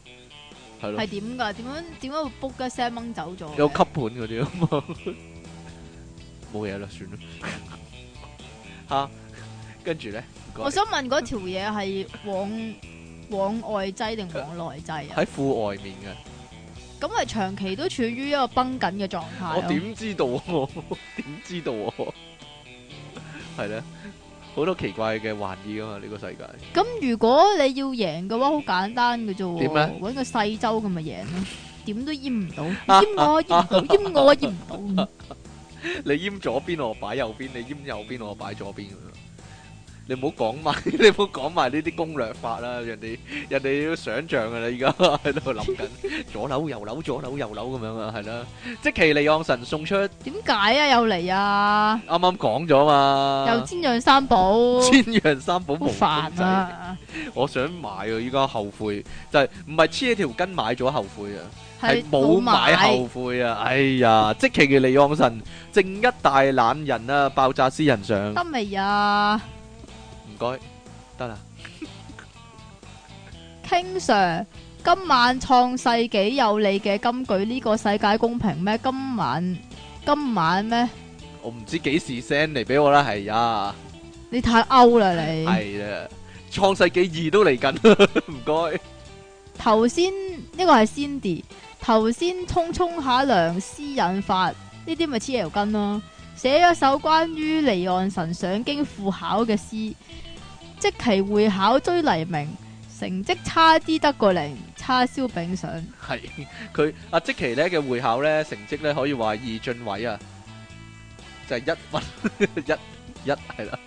Speaker 1: 係咯。係
Speaker 2: 點噶？點樣？點樣會 book 一聲掹走咗？有吸
Speaker 1: 盤嗰啲啊。冇嘢啦，算啦。吓，跟住咧。我想
Speaker 2: 問嗰條嘢係往往外擠定往內擠啊？喺
Speaker 1: 褲外面嘅。
Speaker 2: 咁係長期都處於一個崩緊嘅狀態。我點
Speaker 1: 知道、啊？我 (laughs) 點知道、啊？係 (laughs) 咧，好多奇怪嘅玩意啊！呢、呢個世界。
Speaker 2: 咁如果你要贏嘅話，好簡單嘅啫、啊。點樣？揾個細周咁咪贏咯。點都淹唔、 (laughs) 啊、到，
Speaker 1: 淹我、啊，淹
Speaker 2: 唔到，淹我，淹唔到。
Speaker 1: 你淹左邊我擺右邊，你淹右邊我擺左邊。你唔好講埋，你唔好講埋呢啲攻略法啦。人哋人哋都想象噶啦，而家喺度諗緊左樓右樓，左樓右樓咁樣啊，係啦。積淇離岸神送出
Speaker 2: 點解啊？又嚟啊！
Speaker 1: 啱啱講咗嘛？又煎
Speaker 2: 釀三寶，煎
Speaker 1: 釀三寶。冇法啊！我想買啊，而家後悔就係唔係黐條筋買咗後悔啊，係冇是買後悔啊。買哎呀！積淇 (laughs) 離岸神，正一大懶人啊，爆炸私人上得未啊？ (laughs) 得啦
Speaker 2: ，King Sir，今晚創世紀有你嘅金句呢，呢個世界公平咩？今晚今晚咩？
Speaker 1: 我唔知幾時 send 嚟俾我啦，係啊，
Speaker 2: 你太 out 啦你，係
Speaker 1: 啊，創世紀二都嚟緊，唔該。
Speaker 2: 頭先呢個係 Cindy，頭先沖沖下涼，詩引法呢啲咪黐起條筋咯，寫咗首關於離岸神上京赴考嘅詩。即期會考追黎明，成績差啲得個零，叉燒餅上
Speaker 1: 係佢阿即期咧嘅會考咧成績咧可以話二進位啊，就係一一一係啦，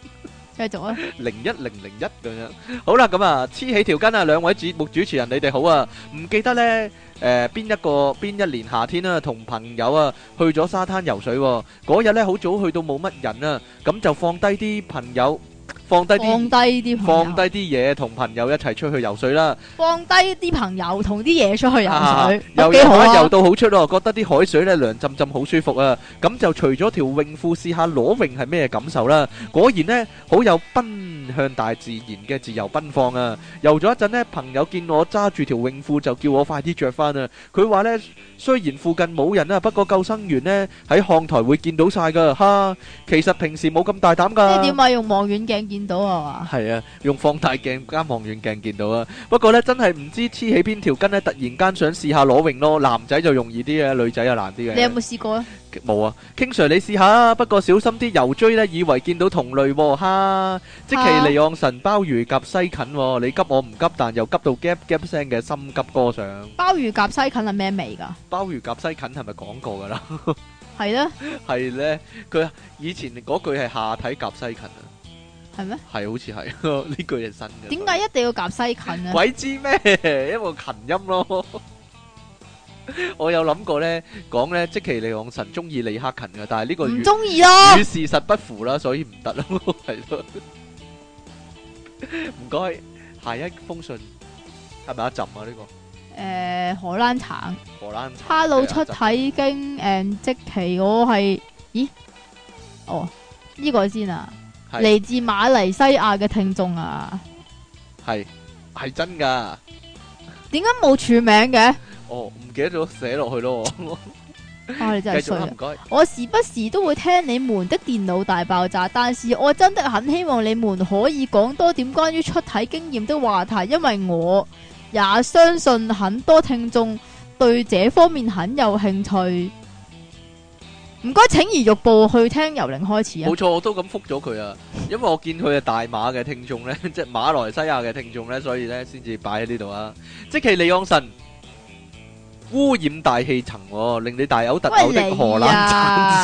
Speaker 1: 繼續啊零一零零一咁樣，好啦咁啊，黐起條筋啊，兩位節目主持人你哋好啊，唔記得咧誒邊一個邊一年夏天啊，同朋友啊去咗沙灘游水，嗰日咧好早去到冇乜人啊，咁就放低啲朋友。放低啲，放低啲嘢，同朋友一齊出去游水啦。
Speaker 2: 放低啲朋友，同啲嘢出去游水，
Speaker 1: 又幾好啊！游到好出咯，覺得啲海水咧涼浸浸，好舒服啊！咁就除咗條泳褲試下裸泳係咩感受啦。果然咧，好有奔向大自然嘅自由奔放啊！游咗一陣咧，朋友見我揸住條泳褲就叫我快啲着翻啊！佢話咧，雖然附近冇人啊，不過救生員咧喺看台會見到晒噶。哈，其實平時冇咁大膽噶。即係點
Speaker 2: 解用望遠鏡？見到
Speaker 1: 啊嘛，係啊，用放大鏡加望遠鏡見到啊。不過咧，真係唔知黐起邊條筋咧，突然間想試下裸泳咯。男仔就容易啲嘅，女仔就難啲嘅。你有冇試過啊？冇啊，King Sir 你試下，不過小心啲，游追咧以為見到同類喎吓。積淇離岸神鮑魚夾西芹，你急我唔急，但又急到 gap gap 聲嘅心急哥上。
Speaker 2: 鮑魚夾西芹係咩味噶？
Speaker 1: 鮑魚夾西芹係咪講過噶啦？係咧，係咧，佢以前嗰句係下體夾西芹啊。係咩？係好似係呢句係新嘅。點解一
Speaker 2: 定要夾西芹咧？鬼知
Speaker 1: 咩？因為琴音咯。我有諗過咧，講咧，積淇離岸神中意李克勤嘅，但係呢個唔中意咯，與事實不符啦，所以唔得咯，係咯。唔該，下一封信係咪阿朕啊？呢個
Speaker 2: 誒，荷蘭橙，荷蘭。Hello，出體 king 誒，即其我係咦？哦，呢個先啊！嚟是自馬來西亞嘅聽眾啊，
Speaker 1: 係係真噶？
Speaker 2: 點解冇署名嘅？哦，
Speaker 1: 唔記得咗寫落去咯。 (laughs) 啊，你真係衰！唔該。託我
Speaker 2: 時不時都會聽你們的電腦大爆炸，但是我真的很希望你們可以講多點關於出體經驗的話題，因為我也相信很多聽眾對這方面很有興趣。唔該，請移玉步去聽由
Speaker 1: 零開始啊！冇錯，我都咁覆咗佢啊，因為我見佢係大馬嘅聽眾咧，即係馬來西亞嘅聽眾咧，所以咧先至擺喺呢度啊！積淇離岸神污染大氣層，令你大有特有的荷蘭真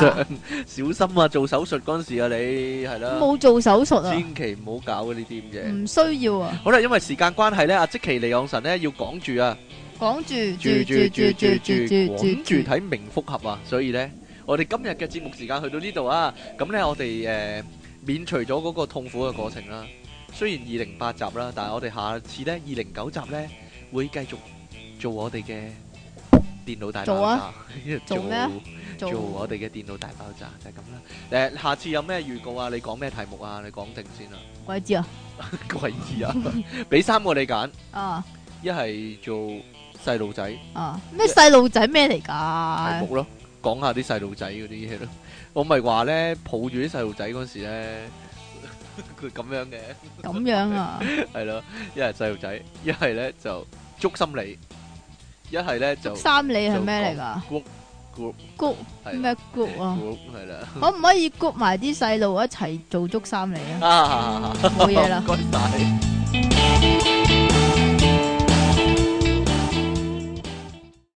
Speaker 1: 相，小心啊！做手術嗰陣時啊，你係啦，冇做手術啊，千祈唔好搞嘅呢啲嘢，唔需要啊！好啦，因為時間關係咧，阿積淇離岸神咧要講住啊，
Speaker 2: 講住住住住住住住住
Speaker 1: 睇明复合啊，所以咧。我哋今日嘅節目時間去到呢度啊，咁咧我哋誒免除咗嗰個痛苦嘅過程啦。雖然二零八集啦，但係我哋下次咧二零九集咧會繼續做我哋嘅電腦大爆炸，做咩？做我哋嘅電腦大爆炸就係咁啦。誒，下次有咩預告啊？你講咩題目啊？你講定先啊。鬼知啊！鬼知啊！俾三個你揀。啊！一係做細路仔。
Speaker 2: 啊！咩細路仔咩嚟噶？題目
Speaker 1: 咯。講下啲細路仔嗰啲嘢咯，我咪話咧抱住啲細路仔嗰時咧佢咁樣嘅，咁樣啊，係咯， (laughs) 一係細路仔，一係咧就捉心理，一係咧就三里係咩嚟噶？谷谷谷咩谷啊？谷係啦，可唔
Speaker 2: 可以谷埋啲細路一齊做捉三里啊？冇嘢啦，唔該晒。 (laughs) (laughs)